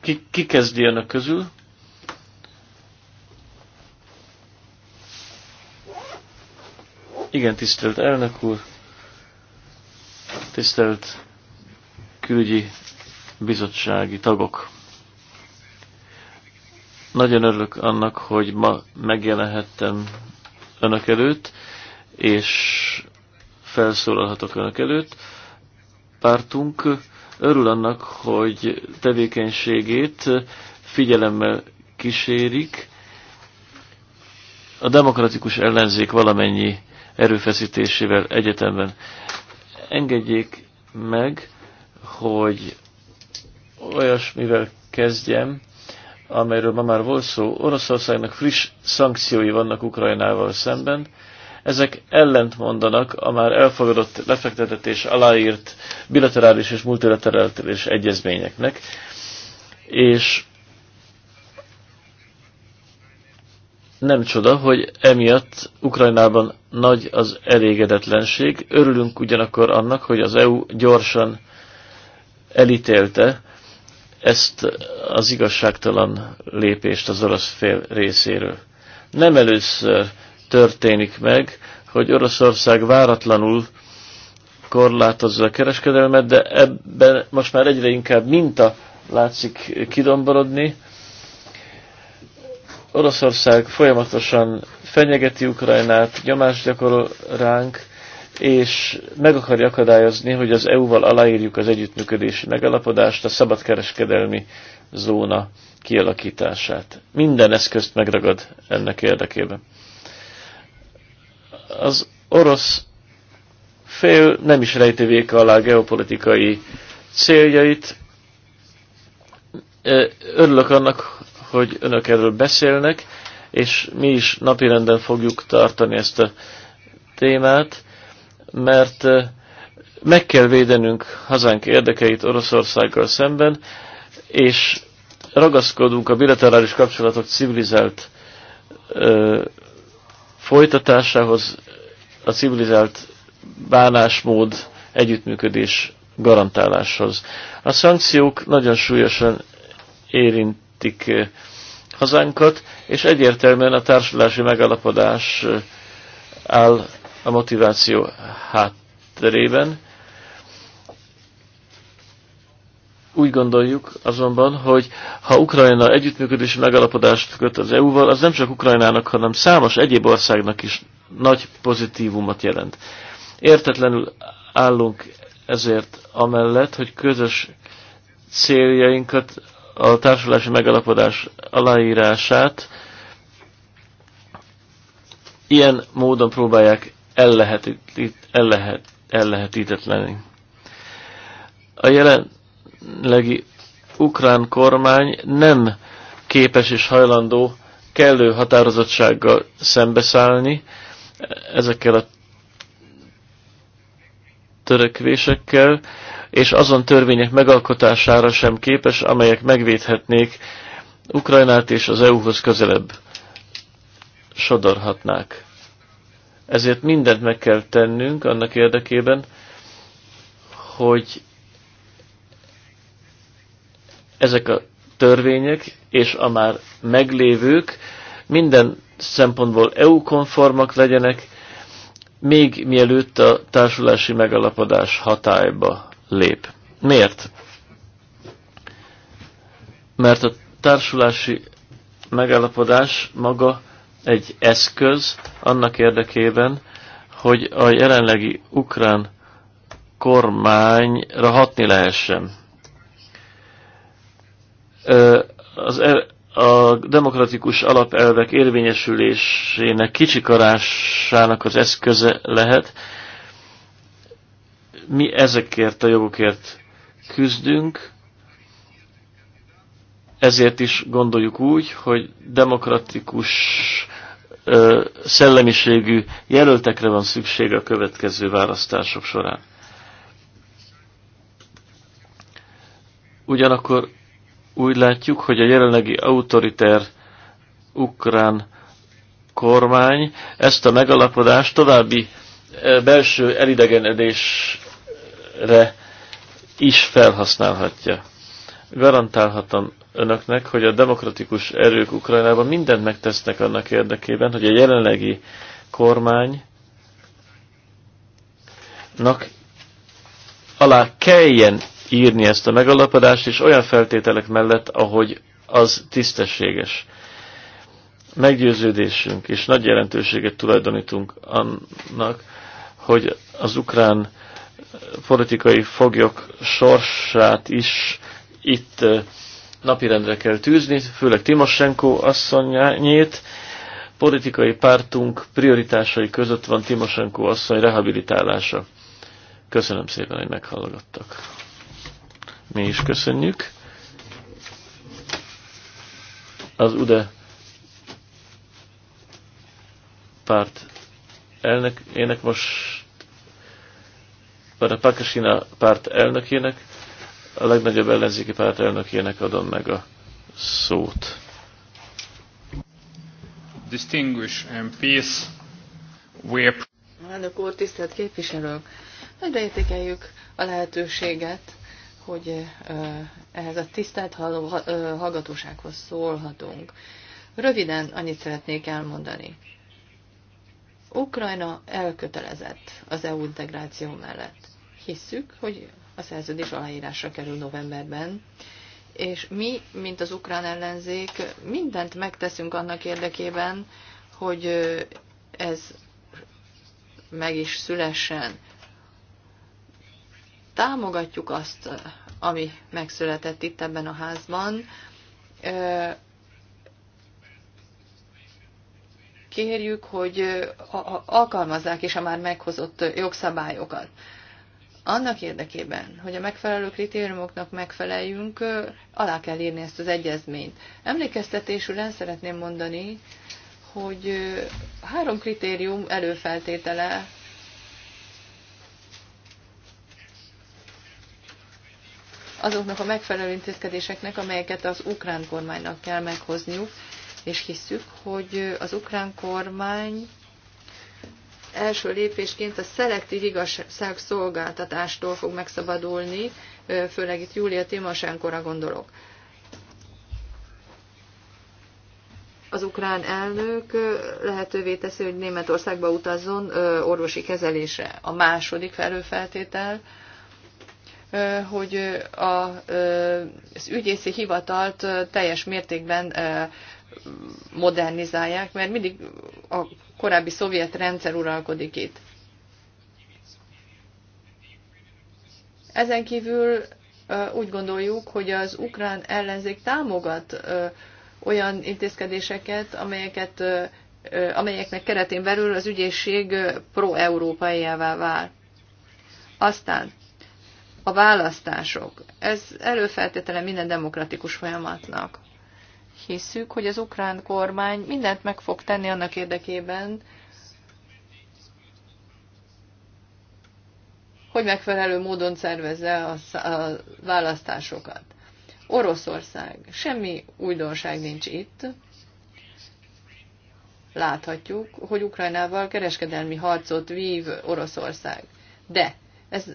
ki, ki kezdi önök közül? Igen, tisztelt elnök úr, tisztelt külügyi bizottsági tagok. Nagyon örülök annak, hogy ma megjelenhettem önök előtt, és felszólalhatok önök előtt. Pártunk örül annak, hogy tevékenységét figyelemmel kísérik. A demokratikus ellenzék valamennyi erőfeszítésével egyetemben. Engedjék meg, hogy olyasmivel kezdjem, amelyről ma már volt szó. Oroszországnak friss szankciói vannak Ukrajnával szemben. Ezek ellentmondanak a már elfogadott, lefektetett és aláírt bilaterális és multilaterális egyezményeknek, és nem csoda, hogy emiatt Ukrajnában nagy az elégedetlenség. Örülünk ugyanakkor annak, hogy az EU gyorsan elítélte ezt az igazságtalan lépést az orosz fél részéről. Nem először történik meg, hogy Oroszország váratlanul korlátozza a kereskedelmet, de ebben most már egyre inkább minta látszik kidomborodni, Oroszország folyamatosan fenyegeti Ukrajnát, nyomást gyakorol ránk, és meg akarja akadályozni, hogy az EU-val aláírjuk az együttműködési megalapodást, a szabadkereskedelmi zóna kialakítását. Minden eszközt megragad ennek érdekében. Az orosz fél nem is rejti véka alá geopolitikai céljait. Örülök annak, hogy önök erről beszélnek, és mi is napirenden fogjuk tartani ezt a témát, mert meg kell védenünk hazánk érdekeit Oroszországgal szemben, és ragaszkodunk a bilaterális kapcsolatok civilizált ö, folytatásához, a civilizált bánásmód együttműködés garantáláshoz. A szankciók nagyon súlyosan érint megvédték eh, hazánkat, és egyértelműen a társulási megalapodás eh, áll a motiváció hátterében. Úgy gondoljuk azonban, hogy ha Ukrajna együttműködési megalapodást köt az EU-val, az nem csak Ukrajnának, hanem számos egyéb országnak is nagy pozitívumot jelent. Értetlenül állunk ezért amellett, hogy közös céljainkat a társulási megalapodás aláírását ilyen módon próbálják ellehetítetleni. a jelenlegi ukrán kormány nem képes és hajlandó kellő határozottsággal szembeszállni ezekkel a törekvésekkel, és azon törvények megalkotására sem képes, amelyek megvédhetnék Ukrajnát és az EU-hoz közelebb sodorhatnák. Ezért mindent meg kell tennünk annak érdekében, hogy ezek a törvények és a már meglévők minden szempontból EU-konformak legyenek, még mielőtt a társulási megalapodás hatályba lép. Miért? Mert a társulási megállapodás maga egy eszköz annak érdekében, hogy a jelenlegi ukrán kormányra hatni lehessen. Az er a demokratikus alapelvek érvényesülésének kicsikarásának az eszköze lehet, mi ezekért a jogokért küzdünk, ezért is gondoljuk úgy, hogy demokratikus ö, szellemiségű jelöltekre van szükség a következő választások során. Ugyanakkor úgy látjuk, hogy a jelenlegi autoriter ukrán kormány ezt a megalapodást további belső elidegenedés re is felhasználhatja. Garantálhatom önöknek, hogy a demokratikus erők Ukrajnában mindent megtesznek annak érdekében, hogy a jelenlegi kormánynak alá kelljen írni ezt a megalapodást, és olyan feltételek mellett, ahogy az tisztességes. Meggyőződésünk, és nagy jelentőséget tulajdonítunk annak, hogy az ukrán politikai foglyok sorsát is itt napirendre kell tűzni, főleg Timoshenko asszonyét. Politikai pártunk prioritásai között van Timoshenko asszony rehabilitálása. Köszönöm szépen, hogy meghallgattak. Mi is köszönjük. Az UDE párt elnök, ének most a Pakasina párt elnökének, a legnagyobb ellenzéki párt elnökének adom meg a szót. Distinguished MPs, we... Elnök úr, tisztelt képviselők! Nagyra értékeljük a lehetőséget, hogy ehhez a tisztelt hallgatósághoz szólhatunk. Röviden annyit szeretnék elmondani. Ukrajna elkötelezett az EU integráció mellett. Hisszük, hogy a szerződés aláírásra kerül novemberben, és mi, mint az ukrán ellenzék, mindent megteszünk annak érdekében, hogy ez meg is szülessen. Támogatjuk azt, ami megszületett itt ebben a házban, kérjük, hogy alkalmazzák is a már meghozott jogszabályokat. Annak érdekében, hogy a megfelelő kritériumoknak megfeleljünk, alá kell írni ezt az egyezményt. Emlékeztetésül el szeretném mondani, hogy három kritérium előfeltétele azoknak a megfelelő intézkedéseknek, amelyeket az ukrán kormánynak kell meghozniuk, és hisszük, hogy az ukrán kormány első lépésként a szelektív szolgáltatástól fog megszabadulni, főleg itt Júlia Timosenkora gondolok. Az ukrán elnök lehetővé teszi, hogy Németországba utazzon orvosi kezelése A második felőfeltétel, hogy az ügyészi hivatalt teljes mértékben modernizálják, mert mindig a korábbi szovjet rendszer uralkodik itt. Ezen kívül úgy gondoljuk, hogy az ukrán ellenzék támogat olyan intézkedéseket, amelyeket, amelyeknek keretén belül az ügyészség pro európai vál. Aztán a választások. Ez előfeltétele minden demokratikus folyamatnak hiszük, hogy az ukrán kormány mindent meg fog tenni annak érdekében, hogy megfelelő módon szervezze a választásokat. Oroszország. Semmi újdonság nincs itt. Láthatjuk, hogy Ukrajnával kereskedelmi harcot vív Oroszország. De ez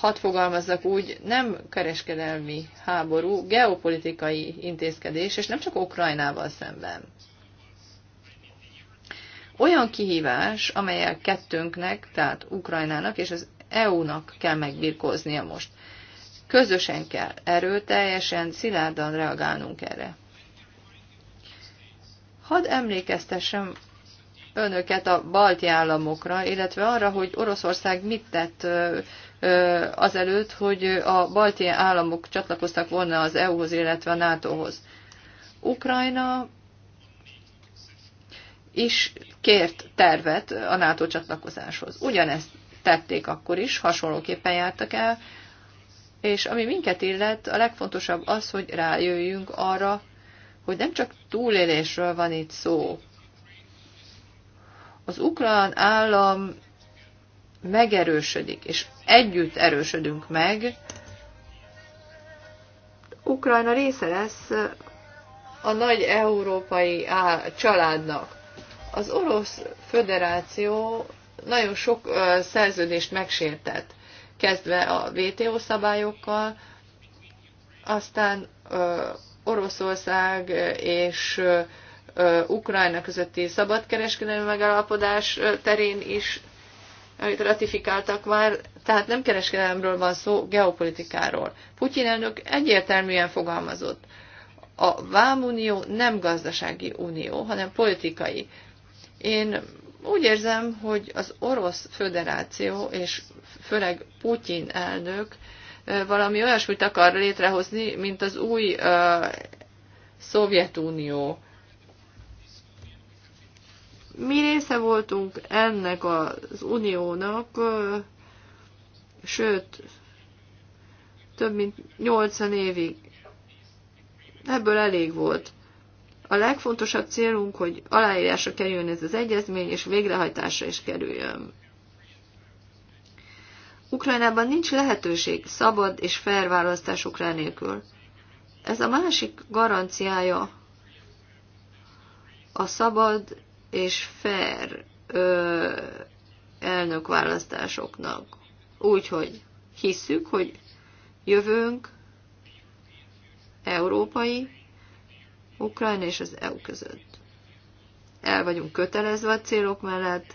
hat fogalmazzak úgy, nem kereskedelmi háború, geopolitikai intézkedés, és nem csak Ukrajnával szemben. Olyan kihívás, amelyel kettőnknek, tehát Ukrajnának és az EU-nak kell megbirkóznia most. Közösen kell erőteljesen, szilárdan reagálnunk erre. Hadd emlékeztessem önöket a balti államokra, illetve arra, hogy Oroszország mit tett azelőtt, hogy a balti államok csatlakoztak volna az EU-hoz, illetve a NATO-hoz. Ukrajna is kért tervet a NATO csatlakozáshoz. Ugyanezt tették akkor is, hasonlóképpen jártak el, és ami minket illet, a legfontosabb az, hogy rájöjjünk arra, hogy nem csak túlélésről van itt szó. Az ukrán állam megerősödik, és együtt erősödünk meg, Ukrajna része lesz a nagy európai családnak. Az Orosz Föderáció nagyon sok szerződést megsértett, kezdve a WTO szabályokkal, aztán Oroszország és Ukrajna közötti szabadkereskedelmi megállapodás terén is amit ratifikáltak már, tehát nem kereskedelemről van szó, geopolitikáról. Putyin elnök egyértelműen fogalmazott. A vámunió nem gazdasági unió, hanem politikai. Én úgy érzem, hogy az Orosz Föderáció, és főleg Putyin elnök valami olyasmit akar létrehozni, mint az új uh, Szovjetunió. része voltunk ennek az uniónak, sőt, több mint 80 évig. Ebből elég volt. A legfontosabb célunk, hogy aláírásra kerüljön ez az egyezmény, és végrehajtásra is kerüljön. Ukrajnában nincs lehetőség szabad és fair Ukrán nélkül. Ez a másik garanciája a szabad és fair ö, elnökválasztásoknak. Úgyhogy hisszük, hogy jövőnk európai, Ukrajna és az EU között. El vagyunk kötelezve a célok mellett.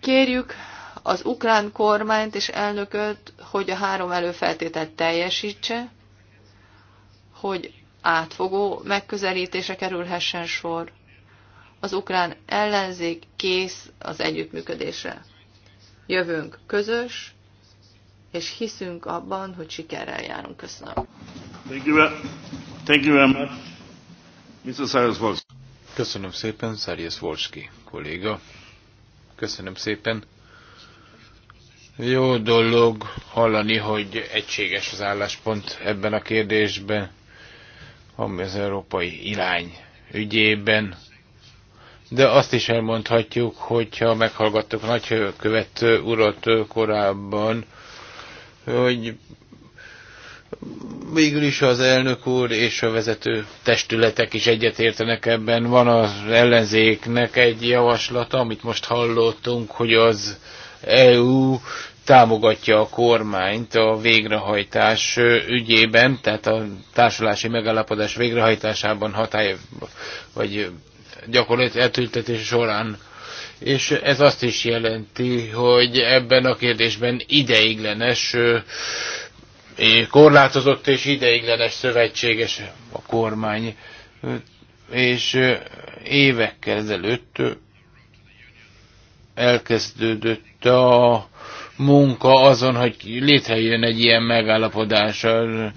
Kérjük az ukrán kormányt és elnököt, hogy a három előfeltételt teljesítse, hogy átfogó megközelítése kerülhessen sor. Az ukrán ellenzék kész az együttműködésre. Jövünk közös, és hiszünk abban, hogy sikerrel járunk. Köszönöm. Thank you, thank you very much. Mr. Cyrus Köszönöm szépen, Szerjes Volski kolléga. Köszönöm szépen. Jó dolog hallani, hogy egységes az álláspont ebben a kérdésben ami az európai irány ügyében. De azt is elmondhatjuk, hogyha meghallgattuk a nagykövet urat korábban, hogy végül is az elnök úr és a vezető testületek is egyetértenek ebben. Van az ellenzéknek egy javaslata, amit most hallottunk, hogy az EU támogatja a kormányt a végrehajtás ügyében, tehát a társulási megállapodás végrehajtásában hatály, vagy gyakorlat eltültetés során. És ez azt is jelenti, hogy ebben a kérdésben ideiglenes, korlátozott és ideiglenes szövetséges a kormány. És évekkel ezelőtt elkezdődött a munka azon, hogy létrejön egy ilyen megállapodás. A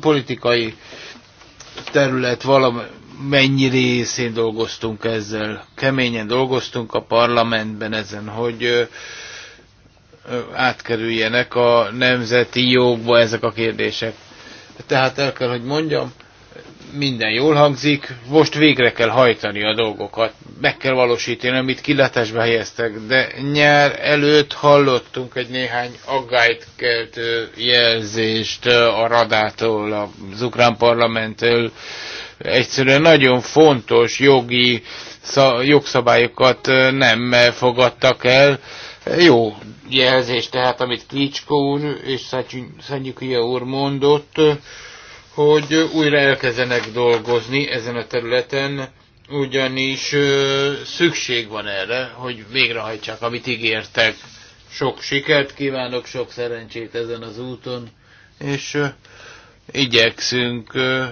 politikai terület valamennyi részén dolgoztunk ezzel. Keményen dolgoztunk a parlamentben ezen, hogy átkerüljenek a nemzeti jogba ezek a kérdések. Tehát el kell, hogy mondjam, minden jól hangzik, most végre kell hajtani a dolgokat meg kell valósítani, amit kilátásba helyeztek, de nyár előtt hallottunk egy néhány aggályt keltő jelzést a Radától, az ukrán parlamenttől. Egyszerűen nagyon fontos jogi jogszabályokat nem fogadtak el. Jó jelzés tehát, amit Klicsko úr és Szanyukia úr mondott, hogy újra elkezdenek dolgozni ezen a területen, ugyanis ö, szükség van erre, hogy végrehajtsák, amit ígértek. Sok sikert kívánok, sok szerencsét ezen az úton, és ö, igyekszünk ö,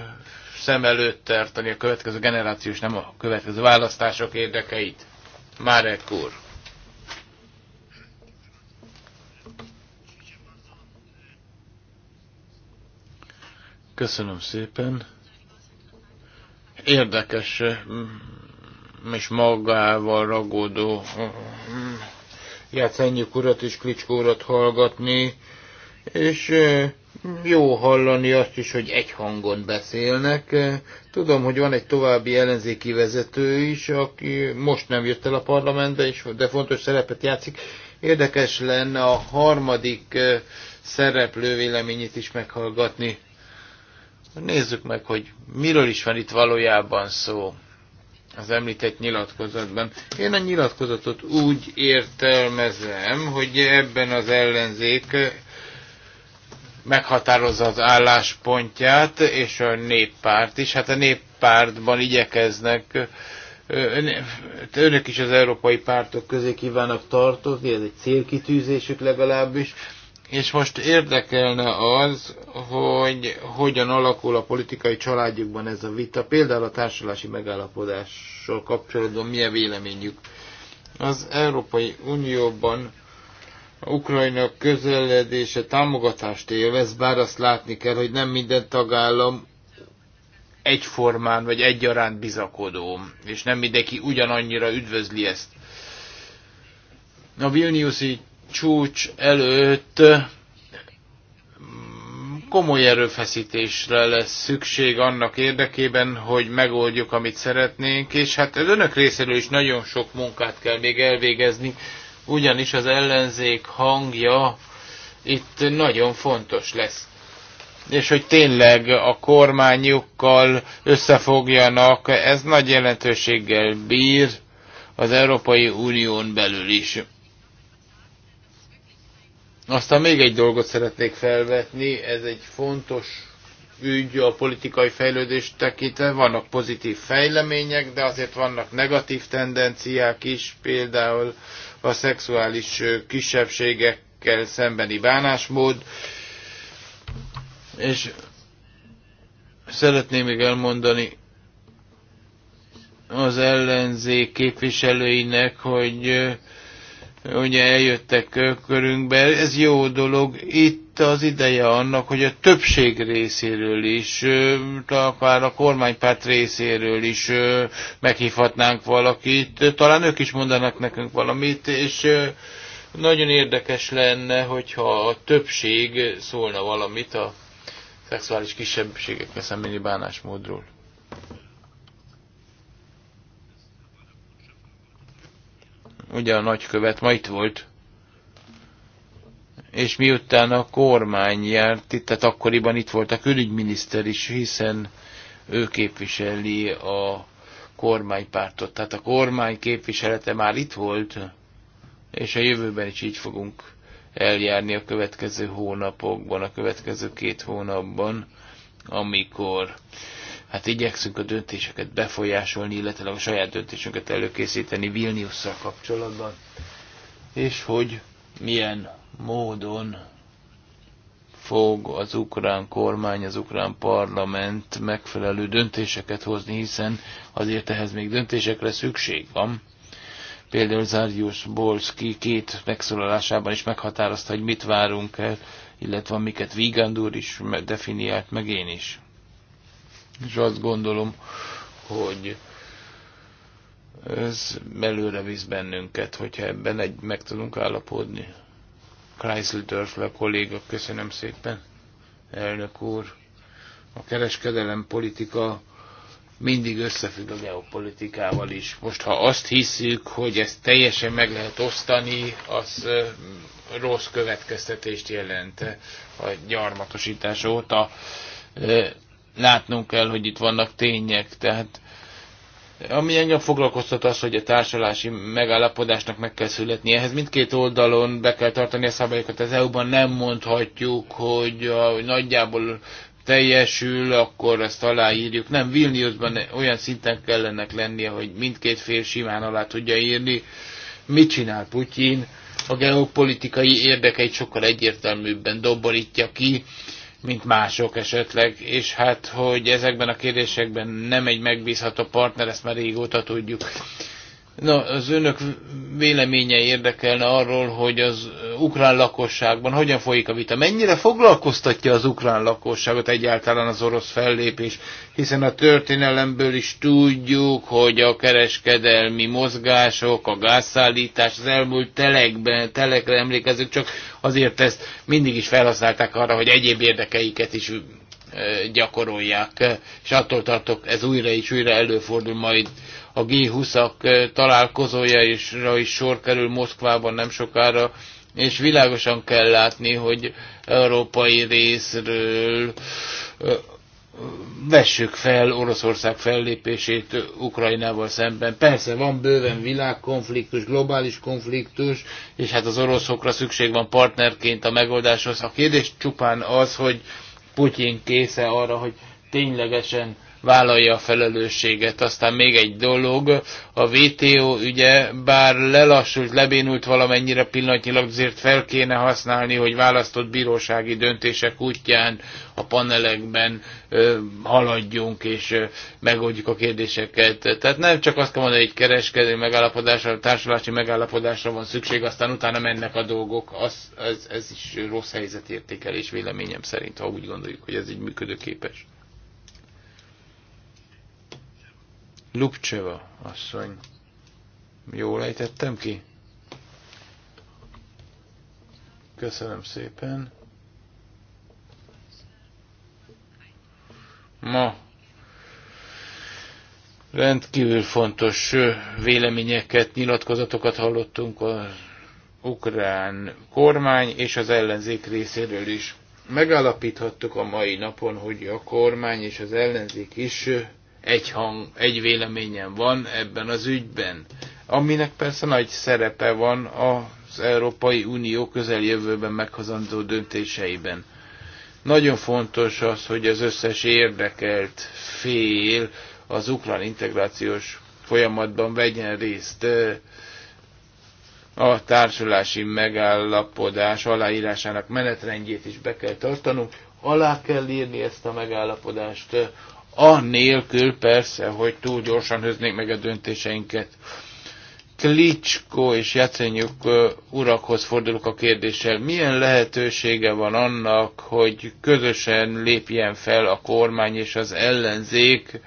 szem előtt tartani a következő generációs, nem a következő választások érdekeit. Márek úr. Köszönöm szépen érdekes eh, mm, és magával ragadó mm, Játszenyük urat és Klicskó urat hallgatni, és eh, jó hallani azt is, hogy egy hangon beszélnek. Tudom, hogy van egy további ellenzéki vezető is, aki most nem jött el a parlamentbe, de fontos szerepet játszik. Érdekes lenne a harmadik eh, szereplő véleményét is meghallgatni. Nézzük meg, hogy miről is van itt valójában szó az említett nyilatkozatban. Én a nyilatkozatot úgy értelmezem, hogy ebben az ellenzék meghatározza az álláspontját, és a néppárt is. Hát a néppártban igyekeznek, hát önök is az európai pártok közé kívánnak tartozni, ez egy célkitűzésük legalábbis, és most érdekelne az, hogy hogyan alakul a politikai családjukban ez a vita, például a társulási megállapodással kapcsolatban milyen véleményük. Az Európai Unióban a Ukrajna közeledése támogatást élvez, bár azt látni kell, hogy nem minden tagállam egyformán vagy egyaránt bizakodó, és nem mindenki ugyanannyira üdvözli ezt. A Vilniuszi csúcs előtt mm, komoly erőfeszítésre lesz szükség annak érdekében, hogy megoldjuk, amit szeretnénk, és hát az önök részéről is nagyon sok munkát kell még elvégezni, ugyanis az ellenzék hangja itt nagyon fontos lesz. És hogy tényleg a kormányukkal összefogjanak, ez nagy jelentőséggel bír az Európai Unión belül is. Aztán még egy dolgot szeretnék felvetni, ez egy fontos ügy a politikai fejlődést tekintve. Vannak pozitív fejlemények, de azért vannak negatív tendenciák is, például a szexuális kisebbségekkel szembeni bánásmód. És szeretném még elmondani az ellenzék képviselőinek, hogy ugye eljöttek körünkbe, ez jó dolog. Itt az ideje annak, hogy a többség részéről is, akár a kormánypárt részéről is meghívhatnánk valakit. Talán ők is mondanak nekünk valamit, és nagyon érdekes lenne, hogyha a többség szólna valamit a szexuális kisebbségekkel szembeni bánásmódról. ugye a nagykövet ma itt volt, és miután a kormány járt itt, tehát akkoriban itt volt a külügyminiszter is, hiszen ő képviseli a kormánypártot. Tehát a kormány képviselete már itt volt, és a jövőben is így fogunk eljárni a következő hónapokban, a következő két hónapban, amikor hát igyekszünk a döntéseket befolyásolni, illetve a saját döntésünket előkészíteni Vilniusszal kapcsolatban, és hogy milyen módon fog az ukrán kormány, az ukrán parlament megfelelő döntéseket hozni, hiszen azért ehhez még döntésekre szükség van. Például Zárjus Bolszki két megszólalásában is meghatározta, hogy mit várunk el, illetve amiket Vigand is definiált, meg én is. És azt gondolom, hogy ez belőle visz bennünket, hogyha ebben egy meg tudunk állapodni. Kreiseldörfle kolléga, köszönöm szépen, elnök úr. A kereskedelem politika mindig összefügg a geopolitikával is. Most, ha azt hiszük, hogy ezt teljesen meg lehet osztani, az rossz következtetést jelent a gyarmatosítás óta látnunk kell, hogy itt vannak tények. Tehát ami engem foglalkoztat az, hogy a társadalási megállapodásnak meg kell születni. Ehhez mindkét oldalon be kell tartani a szabályokat. Az EU-ban nem mondhatjuk, hogy, a, nagyjából teljesül, akkor ezt aláírjuk. Nem, Vilniusban olyan szinten kellene lennie, hogy mindkét fél simán alá tudja írni. Mit csinál Putyin? A geopolitikai érdekeit sokkal egyértelműbben doborítja ki mint mások esetleg, és hát, hogy ezekben a kérdésekben nem egy megbízható partner, ezt már régóta tudjuk. Na, az önök véleménye érdekelne arról, hogy az ukrán lakosságban hogyan folyik a vita, mennyire foglalkoztatja az ukrán lakosságot egyáltalán az orosz fellépés, hiszen a történelemből is tudjuk, hogy a kereskedelmi mozgások, a gázszállítás az elmúlt telekben, telekre emlékezünk, csak azért ezt mindig is felhasználták arra, hogy egyéb érdekeiket is gyakorolják, és attól tartok, ez újra és újra előfordul majd a G20-ak találkozója, is, is sor kerül Moszkvában nem sokára, és világosan kell látni, hogy európai részről vessük fel Oroszország fellépését Ukrajnával szemben. Persze van bőven világkonfliktus, globális konfliktus, és hát az oroszokra szükség van partnerként a megoldáshoz. A kérdés csupán az, hogy Putyin késze arra, hogy ténylegesen vállalja a felelősséget. Aztán még egy dolog, a VTO ügye bár lelassult, lebénult valamennyire pillanatnyilag, azért fel kéne használni, hogy választott bírósági döntések útján a panelekben ö, haladjunk és ö, megoldjuk a kérdéseket. Tehát nem csak azt kell mondani, hogy kereskedő megállapodásra, társulási megállapodásra van szükség, aztán utána mennek a dolgok. Az, ez, ez is rossz helyzetértékelés véleményem szerint, ha úgy gondoljuk, hogy ez így működőképes. Lupcseva asszony. Jól ejtettem ki? Köszönöm szépen. Ma rendkívül fontos véleményeket, nyilatkozatokat hallottunk az ukrán kormány és az ellenzék részéről is. Megállapíthattuk a mai napon, hogy a kormány és az ellenzék is egy, hang, egy véleményen van ebben az ügyben, aminek persze nagy szerepe van az Európai Unió közeljövőben meghozandó döntéseiben. Nagyon fontos az, hogy az összes érdekelt fél az ukrán integrációs folyamatban vegyen részt a társulási megállapodás aláírásának menetrendjét is be kell tartanunk. Alá kell írni ezt a megállapodást a nélkül persze, hogy túl gyorsan hoznék meg a döntéseinket. Klicsko és Jacenyuk urakhoz fordulok a kérdéssel. Milyen lehetősége van annak, hogy közösen lépjen fel a kormány és az ellenzék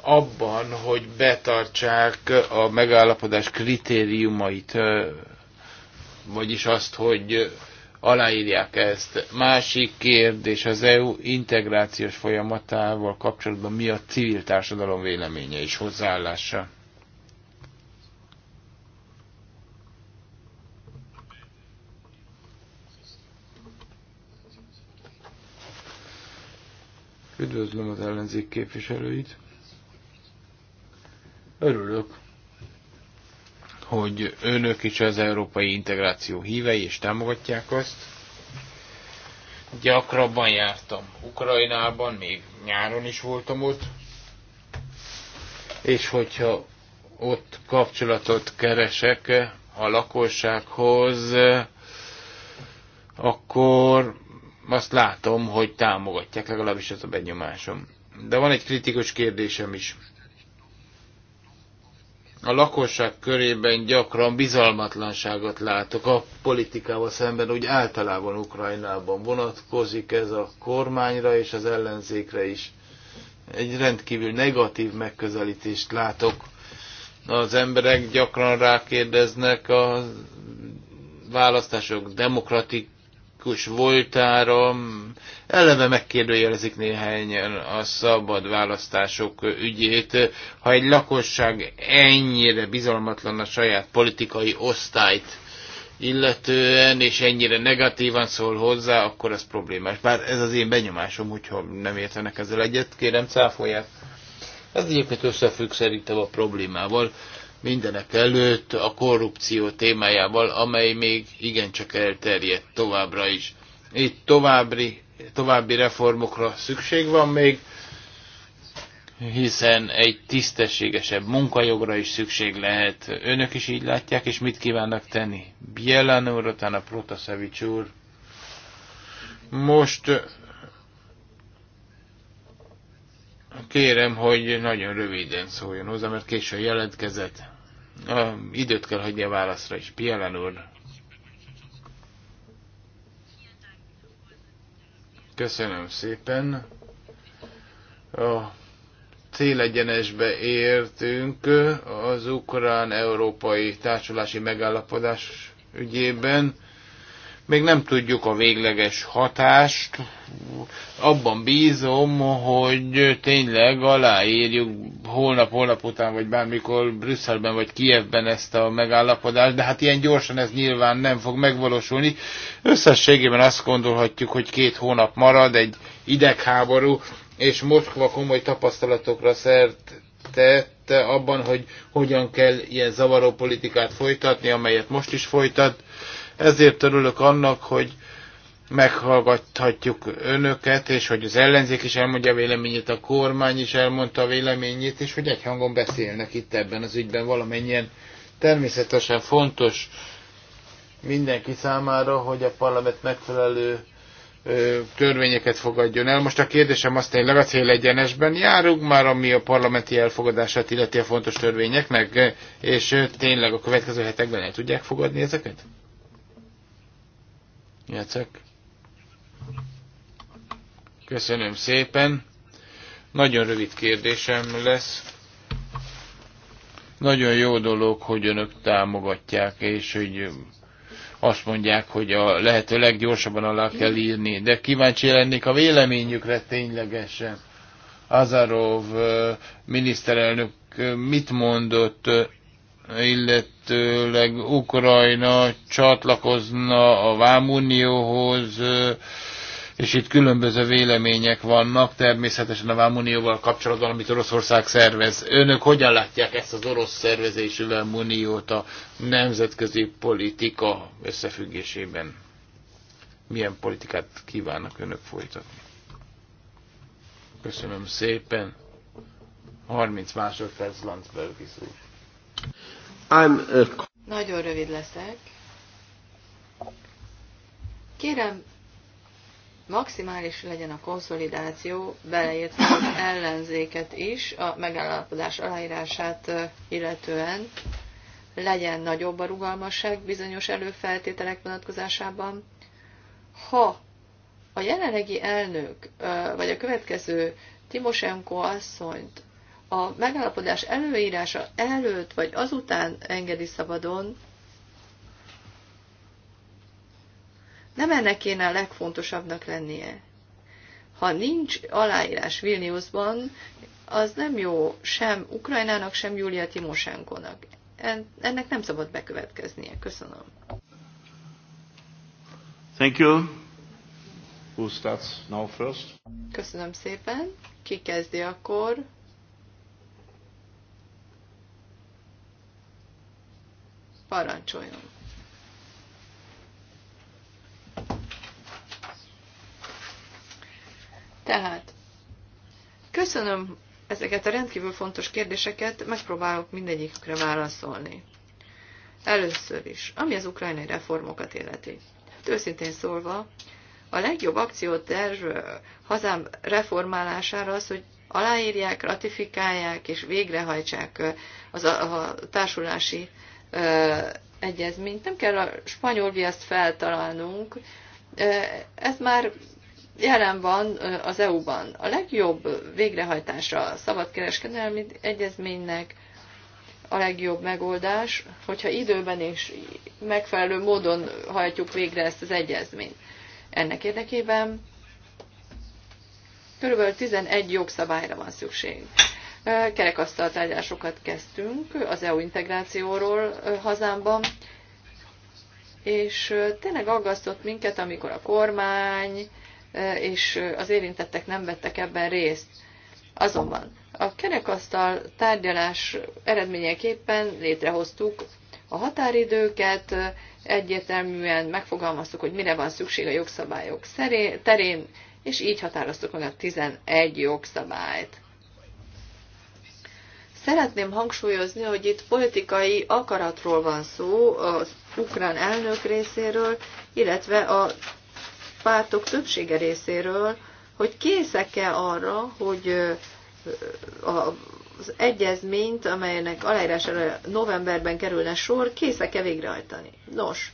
abban, hogy betartsák a megállapodás kritériumait, vagyis azt, hogy aláírják ezt. Másik kérdés, az EU integrációs folyamatával kapcsolatban mi a civil társadalom véleménye és hozzáállása? Üdvözlöm az ellenzék képviselőit. Örülök, hogy önök is az európai integráció hívei, és támogatják azt. Gyakrabban jártam Ukrajnában, még nyáron is voltam ott, és hogyha ott kapcsolatot keresek a lakossághoz, akkor azt látom, hogy támogatják, legalábbis ez a benyomásom. De van egy kritikus kérdésem is a lakosság körében gyakran bizalmatlanságot látok a politikával szemben, úgy általában Ukrajnában vonatkozik ez a kormányra és az ellenzékre is. Egy rendkívül negatív megközelítést látok. Az emberek gyakran rákérdeznek a választások demokratik kritikus voltára eleve megkérdőjelezik néhányan a szabad választások ügyét, ha egy lakosság ennyire bizalmatlan a saját politikai osztályt illetően, és ennyire negatívan szól hozzá, akkor ez problémás. Bár ez az én benyomásom, hogyha nem értenek ezzel egyet, kérem cáfolják. Ez egyébként összefügg szerintem a problémával mindenek előtt a korrupció témájával, amely még igencsak elterjedt továbbra is. Itt további, további reformokra szükség van még, hiszen egy tisztességesebb munkajogra is szükség lehet. Önök is így látják, és mit kívánnak tenni? Bielan úr, utána Protasevics úr. Most Kérem, hogy nagyon röviden szóljon hozzá, mert későn jelentkezett. A, időt kell hagyni a válaszra is. Pielen úr. Köszönöm szépen. A célegyenesbe értünk az ukrán-európai társulási megállapodás ügyében még nem tudjuk a végleges hatást. Abban bízom, hogy tényleg aláírjuk holnap, holnap után, vagy bármikor Brüsszelben, vagy Kievben ezt a megállapodást, de hát ilyen gyorsan ez nyilván nem fog megvalósulni. Összességében azt gondolhatjuk, hogy két hónap marad egy idegháború, és Moszkva komoly tapasztalatokra szert tett abban, hogy hogyan kell ilyen zavaró politikát folytatni, amelyet most is folytat ezért örülök annak, hogy meghallgathatjuk önöket, és hogy az ellenzék is elmondja a véleményét, a kormány is elmondta a véleményét, és hogy egy hangon beszélnek itt ebben az ügyben valamennyien. Természetesen fontos mindenki számára, hogy a parlament megfelelő törvényeket fogadjon el. Most a kérdésem azt tényleg a cél egyenesben járunk már, ami a parlamenti elfogadását illeti a fontos törvényeknek, és tényleg a következő hetekben el tudják fogadni ezeket? Jacek. Köszönöm szépen. Nagyon rövid kérdésem lesz. Nagyon jó dolog, hogy önök támogatják, és hogy azt mondják, hogy a lehető leggyorsabban alá kell írni, de kíváncsi lennék a véleményükre ténylegesen. Azarov miniszterelnök mit mondott illetőleg Ukrajna csatlakozna a Vámunióhoz, és itt különböző vélemények vannak, természetesen a Vámunióval kapcsolatban, amit Oroszország szervez. Önök hogyan látják ezt az orosz szervezésű Vámuniót a nemzetközi politika összefüggésében? Milyen politikát kívánnak önök folytatni? Köszönöm szépen. 30 másodperc Landsbergis úr. I'm, a... Nagyon rövid leszek. Kérem, maximális legyen a konszolidáció, beleértve az ellenzéket is, a megállapodás aláírását illetően legyen nagyobb a rugalmasság bizonyos előfeltételek vonatkozásában. Ha a jelenlegi elnök, vagy a következő Timosenko asszonyt a megállapodás előírása előtt vagy azután engedi szabadon, nem ennek kéne a legfontosabbnak lennie. Ha nincs aláírás Vilniusban, az nem jó sem Ukrajnának, sem Júlia Timosenkonak. Ennek nem szabad bekövetkeznie. Köszönöm. Thank you. Who starts now first? Köszönöm szépen. Ki kezdi akkor? Parancsoljon! Tehát, köszönöm ezeket a rendkívül fontos kérdéseket, megpróbálok mindegyikre válaszolni. Először is, ami az ukrajnai reformokat illeti. Hát őszintén szólva, a legjobb akcióterv hazám reformálására az, hogy aláírják, ratifikálják és végrehajtsák az a, a társulási egyezményt. Nem kell a spanyol viaszt feltalálnunk, ez már jelen van az EU-ban. A legjobb végrehajtása a szabadkereskedelmi egyezménynek a legjobb megoldás, hogyha időben és megfelelő módon hajtjuk végre ezt az egyezményt. Ennek érdekében körülbelül 11 jogszabályra van szükség kerekasztal tárgyásokat kezdtünk az EU integrációról hazámban, és tényleg aggasztott minket, amikor a kormány és az érintettek nem vettek ebben részt. Azonban a kerekasztal tárgyalás eredményeképpen létrehoztuk a határidőket, egyértelműen megfogalmaztuk, hogy mire van szükség a jogszabályok terén, és így határoztuk meg a 11 jogszabályt. Szeretném hangsúlyozni, hogy itt politikai akaratról van szó az ukrán elnök részéről, illetve a pártok többsége részéről, hogy készek-e arra, hogy az egyezményt, amelynek aláírására novemberben kerülne sor, készek-e végrehajtani. Nos,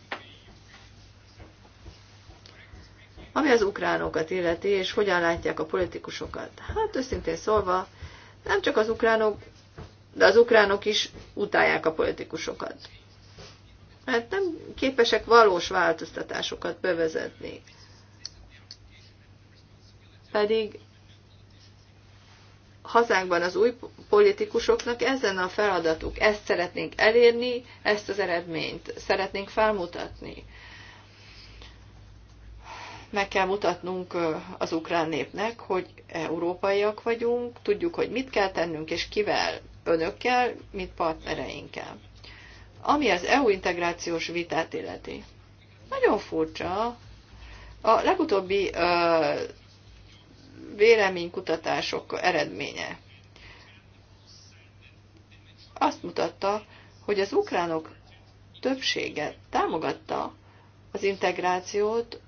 ami az ukránokat illeti, és hogyan látják a politikusokat. Hát őszintén szólva, nem csak az ukránok de az ukránok is utálják a politikusokat. mert hát nem képesek valós változtatásokat bevezetni. Pedig hazánkban az új politikusoknak ezen a feladatuk. Ezt szeretnénk elérni, ezt az eredményt szeretnénk felmutatni. Meg kell mutatnunk az ukrán népnek, hogy európaiak vagyunk, tudjuk, hogy mit kell tennünk és kivel önökkel, mint partnereinkkel. Ami az EU integrációs vitát illeti. Nagyon furcsa. A legutóbbi ö, véleménykutatások eredménye azt mutatta, hogy az ukránok többsége támogatta az integrációt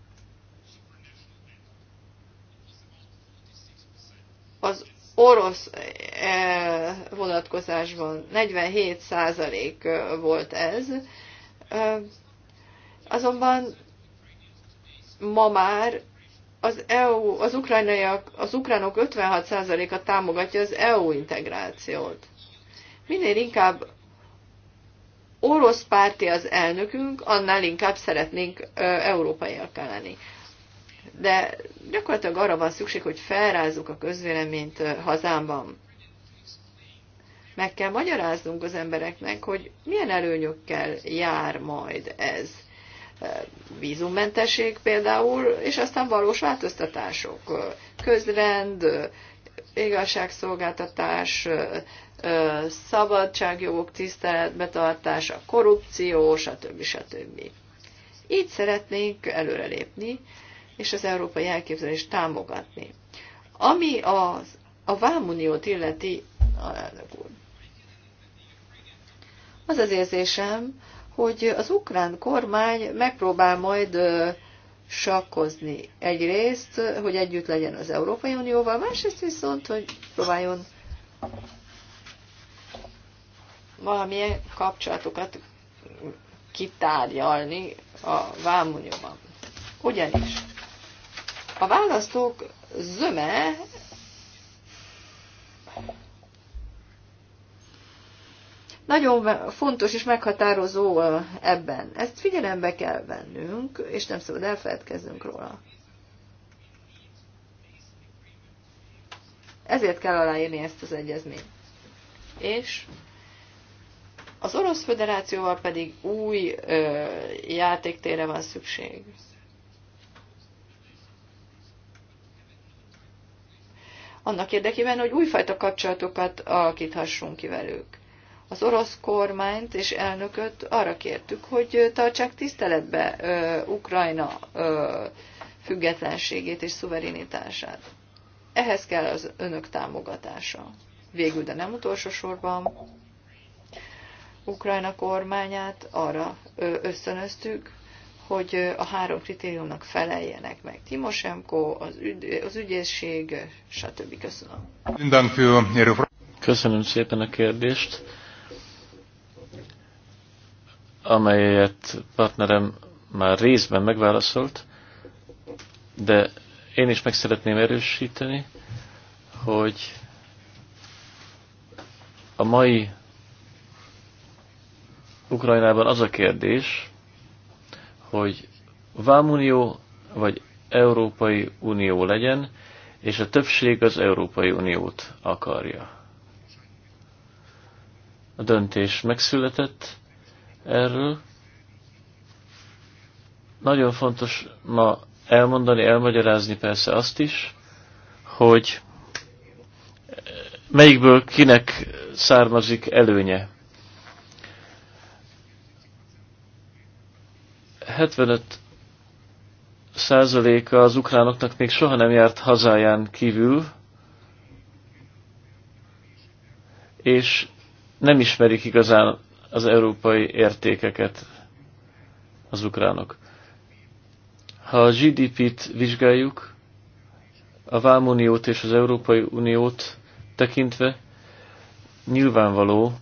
az orosz eh, vonatkozásban 47% eh, volt ez, eh, azonban ma már az EU, az, ukrajnaiak, az ukránok 56%-a támogatja az EU integrációt. Minél inkább orosz párti az elnökünk, annál inkább szeretnénk európaiak lenni de gyakorlatilag arra van szükség, hogy felrázzuk a közvéleményt eh, hazámban. Meg kell magyaráznunk az embereknek, hogy milyen előnyökkel jár majd ez. Eh, vízummentesség például, és aztán valós változtatások. Eh, közrend, igazságszolgáltatás, szabadságjogok tiszteletbetartása, korrupció, stb. stb. Így szeretnénk előrelépni, és az európai elképzelést támogatni. Ami az, a vámuniót illeti, elnök úr, az az érzésem, hogy az ukrán kormány megpróbál majd sakkozni. Egyrészt, hogy együtt legyen az Európai Unióval, másrészt viszont, hogy próbáljon valamilyen kapcsolatokat kitárgyalni a Vámunióban. Ugyanis a választók zöme nagyon fontos és meghatározó ebben. Ezt figyelembe kell vennünk, és nem szabad elfeledkeznünk róla. Ezért kell aláírni ezt az egyezményt. És az Orosz Föderációval pedig új ö, játéktére van szükség. annak érdekében, hogy újfajta kapcsolatokat alakíthassunk ki velük. Az orosz kormányt és elnököt arra kértük, hogy tartsák tiszteletbe ö, Ukrajna ö, függetlenségét és szuverenitását. Ehhez kell az önök támogatása. Végül, de nem utolsó sorban, Ukrajna kormányát arra ösztönöztük, hogy a három kritériumnak feleljenek meg. Timosenko, az, ügy, az ügyészség, stb. Köszönöm. Köszönöm szépen a kérdést, amelyet partnerem már részben megválaszolt, de én is meg szeretném erősíteni, hogy a mai Ukrajnában az a kérdés, hogy Vámunió vagy Európai Unió legyen, és a többség az Európai Uniót akarja. A döntés megszületett erről. Nagyon fontos ma elmondani, elmagyarázni persze azt is, hogy melyikből kinek származik előnye 75 százaléka az ukránoknak még soha nem járt hazáján kívül, és nem ismerik igazán az európai értékeket az ukránok. Ha a GDP-t vizsgáljuk, a Vámuniót és az Európai Uniót tekintve nyilvánvaló,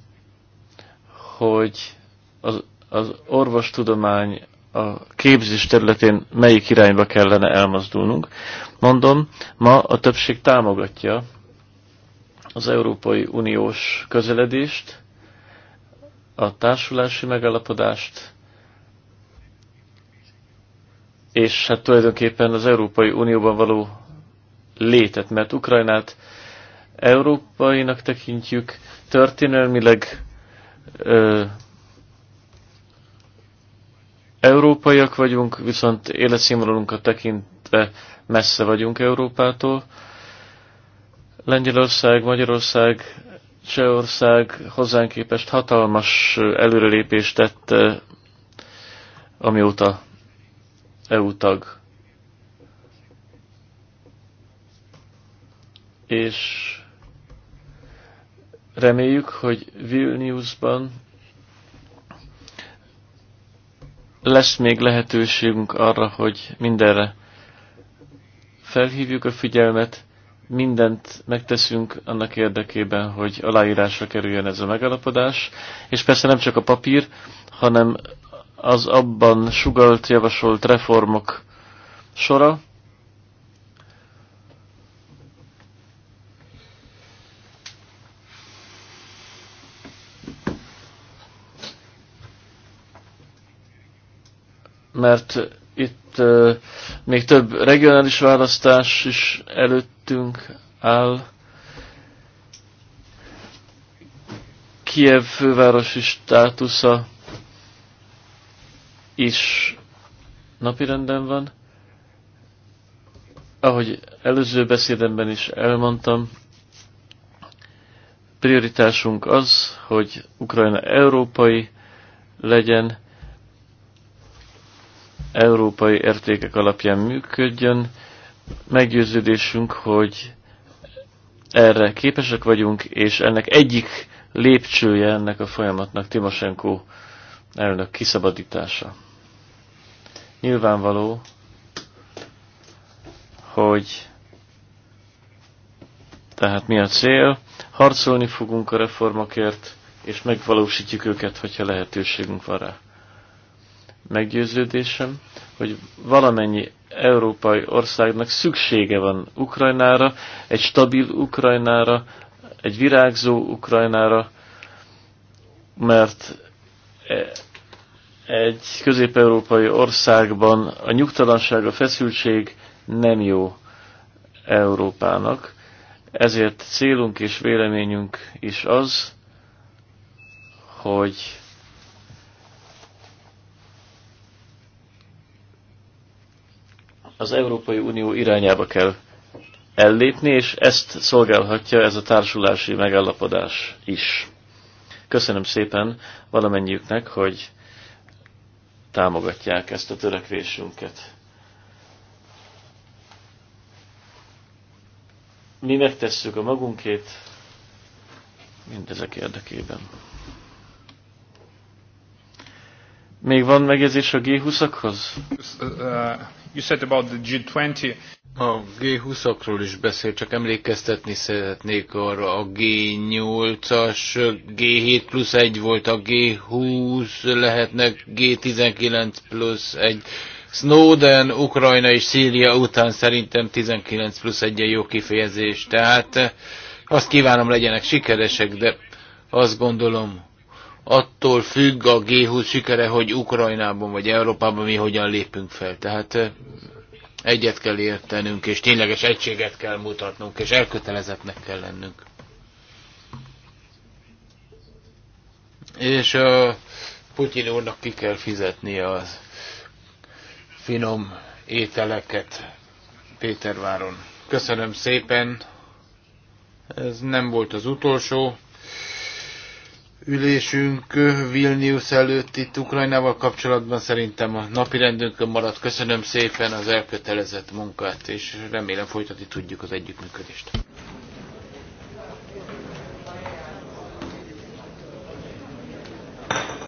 hogy az, az orvostudomány, a képzés területén melyik irányba kellene elmozdulnunk. Mondom, ma a többség támogatja az Európai Uniós közeledést, a társulási megállapodást, és hát tulajdonképpen az Európai Unióban való létet, mert Ukrajnát európainak tekintjük, történelmileg ö, Európaiak vagyunk, viszont életszínvonalunkat tekintve messze vagyunk Európától. Lengyelország, Magyarország, Csehország hozzánk képest hatalmas előrelépést tett, amióta EU tag. És reméljük, hogy Vilniusban lesz még lehetőségünk arra, hogy mindenre felhívjuk a figyelmet, mindent megteszünk annak érdekében, hogy aláírásra kerüljön ez a megalapodás, és persze nem csak a papír, hanem az abban sugalt, javasolt reformok sora, mert itt még több regionális választás is előttünk áll. Kiev fővárosi státusza is napirenden van. Ahogy előző beszédemben is elmondtam, prioritásunk az, hogy Ukrajna európai legyen, európai értékek alapján működjön. Meggyőződésünk, hogy erre képesek vagyunk, és ennek egyik lépcsője ennek a folyamatnak Timosenko elnök kiszabadítása. Nyilvánvaló, hogy tehát mi a cél. Harcolni fogunk a reformokért, és megvalósítjuk őket, hogyha lehetőségünk van rá meggyőződésem, hogy valamennyi európai országnak szüksége van Ukrajnára, egy stabil Ukrajnára, egy virágzó Ukrajnára, mert e, egy közép-európai országban a nyugtalanság, a feszültség nem jó Európának. Ezért célunk és véleményünk is az, hogy az Európai Unió irányába kell ellépni, és ezt szolgálhatja ez a társulási megállapodás is. Köszönöm szépen valamennyiüknek, hogy támogatják ezt a törekvésünket. Mi megtesszük a magunkét mindezek érdekében. Még van megjegyzés a G20-akhoz? You said about the G20. A G20-akról is beszél, csak emlékeztetni szeretnék arra, a G8-as, G7 plusz 1 volt, a G20 lehetnek G19 plusz 1. Snowden, Ukrajna és Szíria után szerintem 19 plusz 1 -e jó kifejezés. Tehát azt kívánom legyenek sikeresek, de azt gondolom, attól függ a G20 sikere, hogy Ukrajnában vagy Európában mi hogyan lépünk fel. Tehát egyet kell értenünk, és tényleges egységet kell mutatnunk, és elkötelezettnek kell lennünk. És a Putyin úrnak ki kell fizetni az finom ételeket Péterváron. Köszönöm szépen! Ez nem volt az utolsó ülésünk Vilnius előtt itt Ukrajnával kapcsolatban szerintem a napi rendünkön maradt. Köszönöm szépen az elkötelezett munkát, és remélem folytatni tudjuk az együttműködést.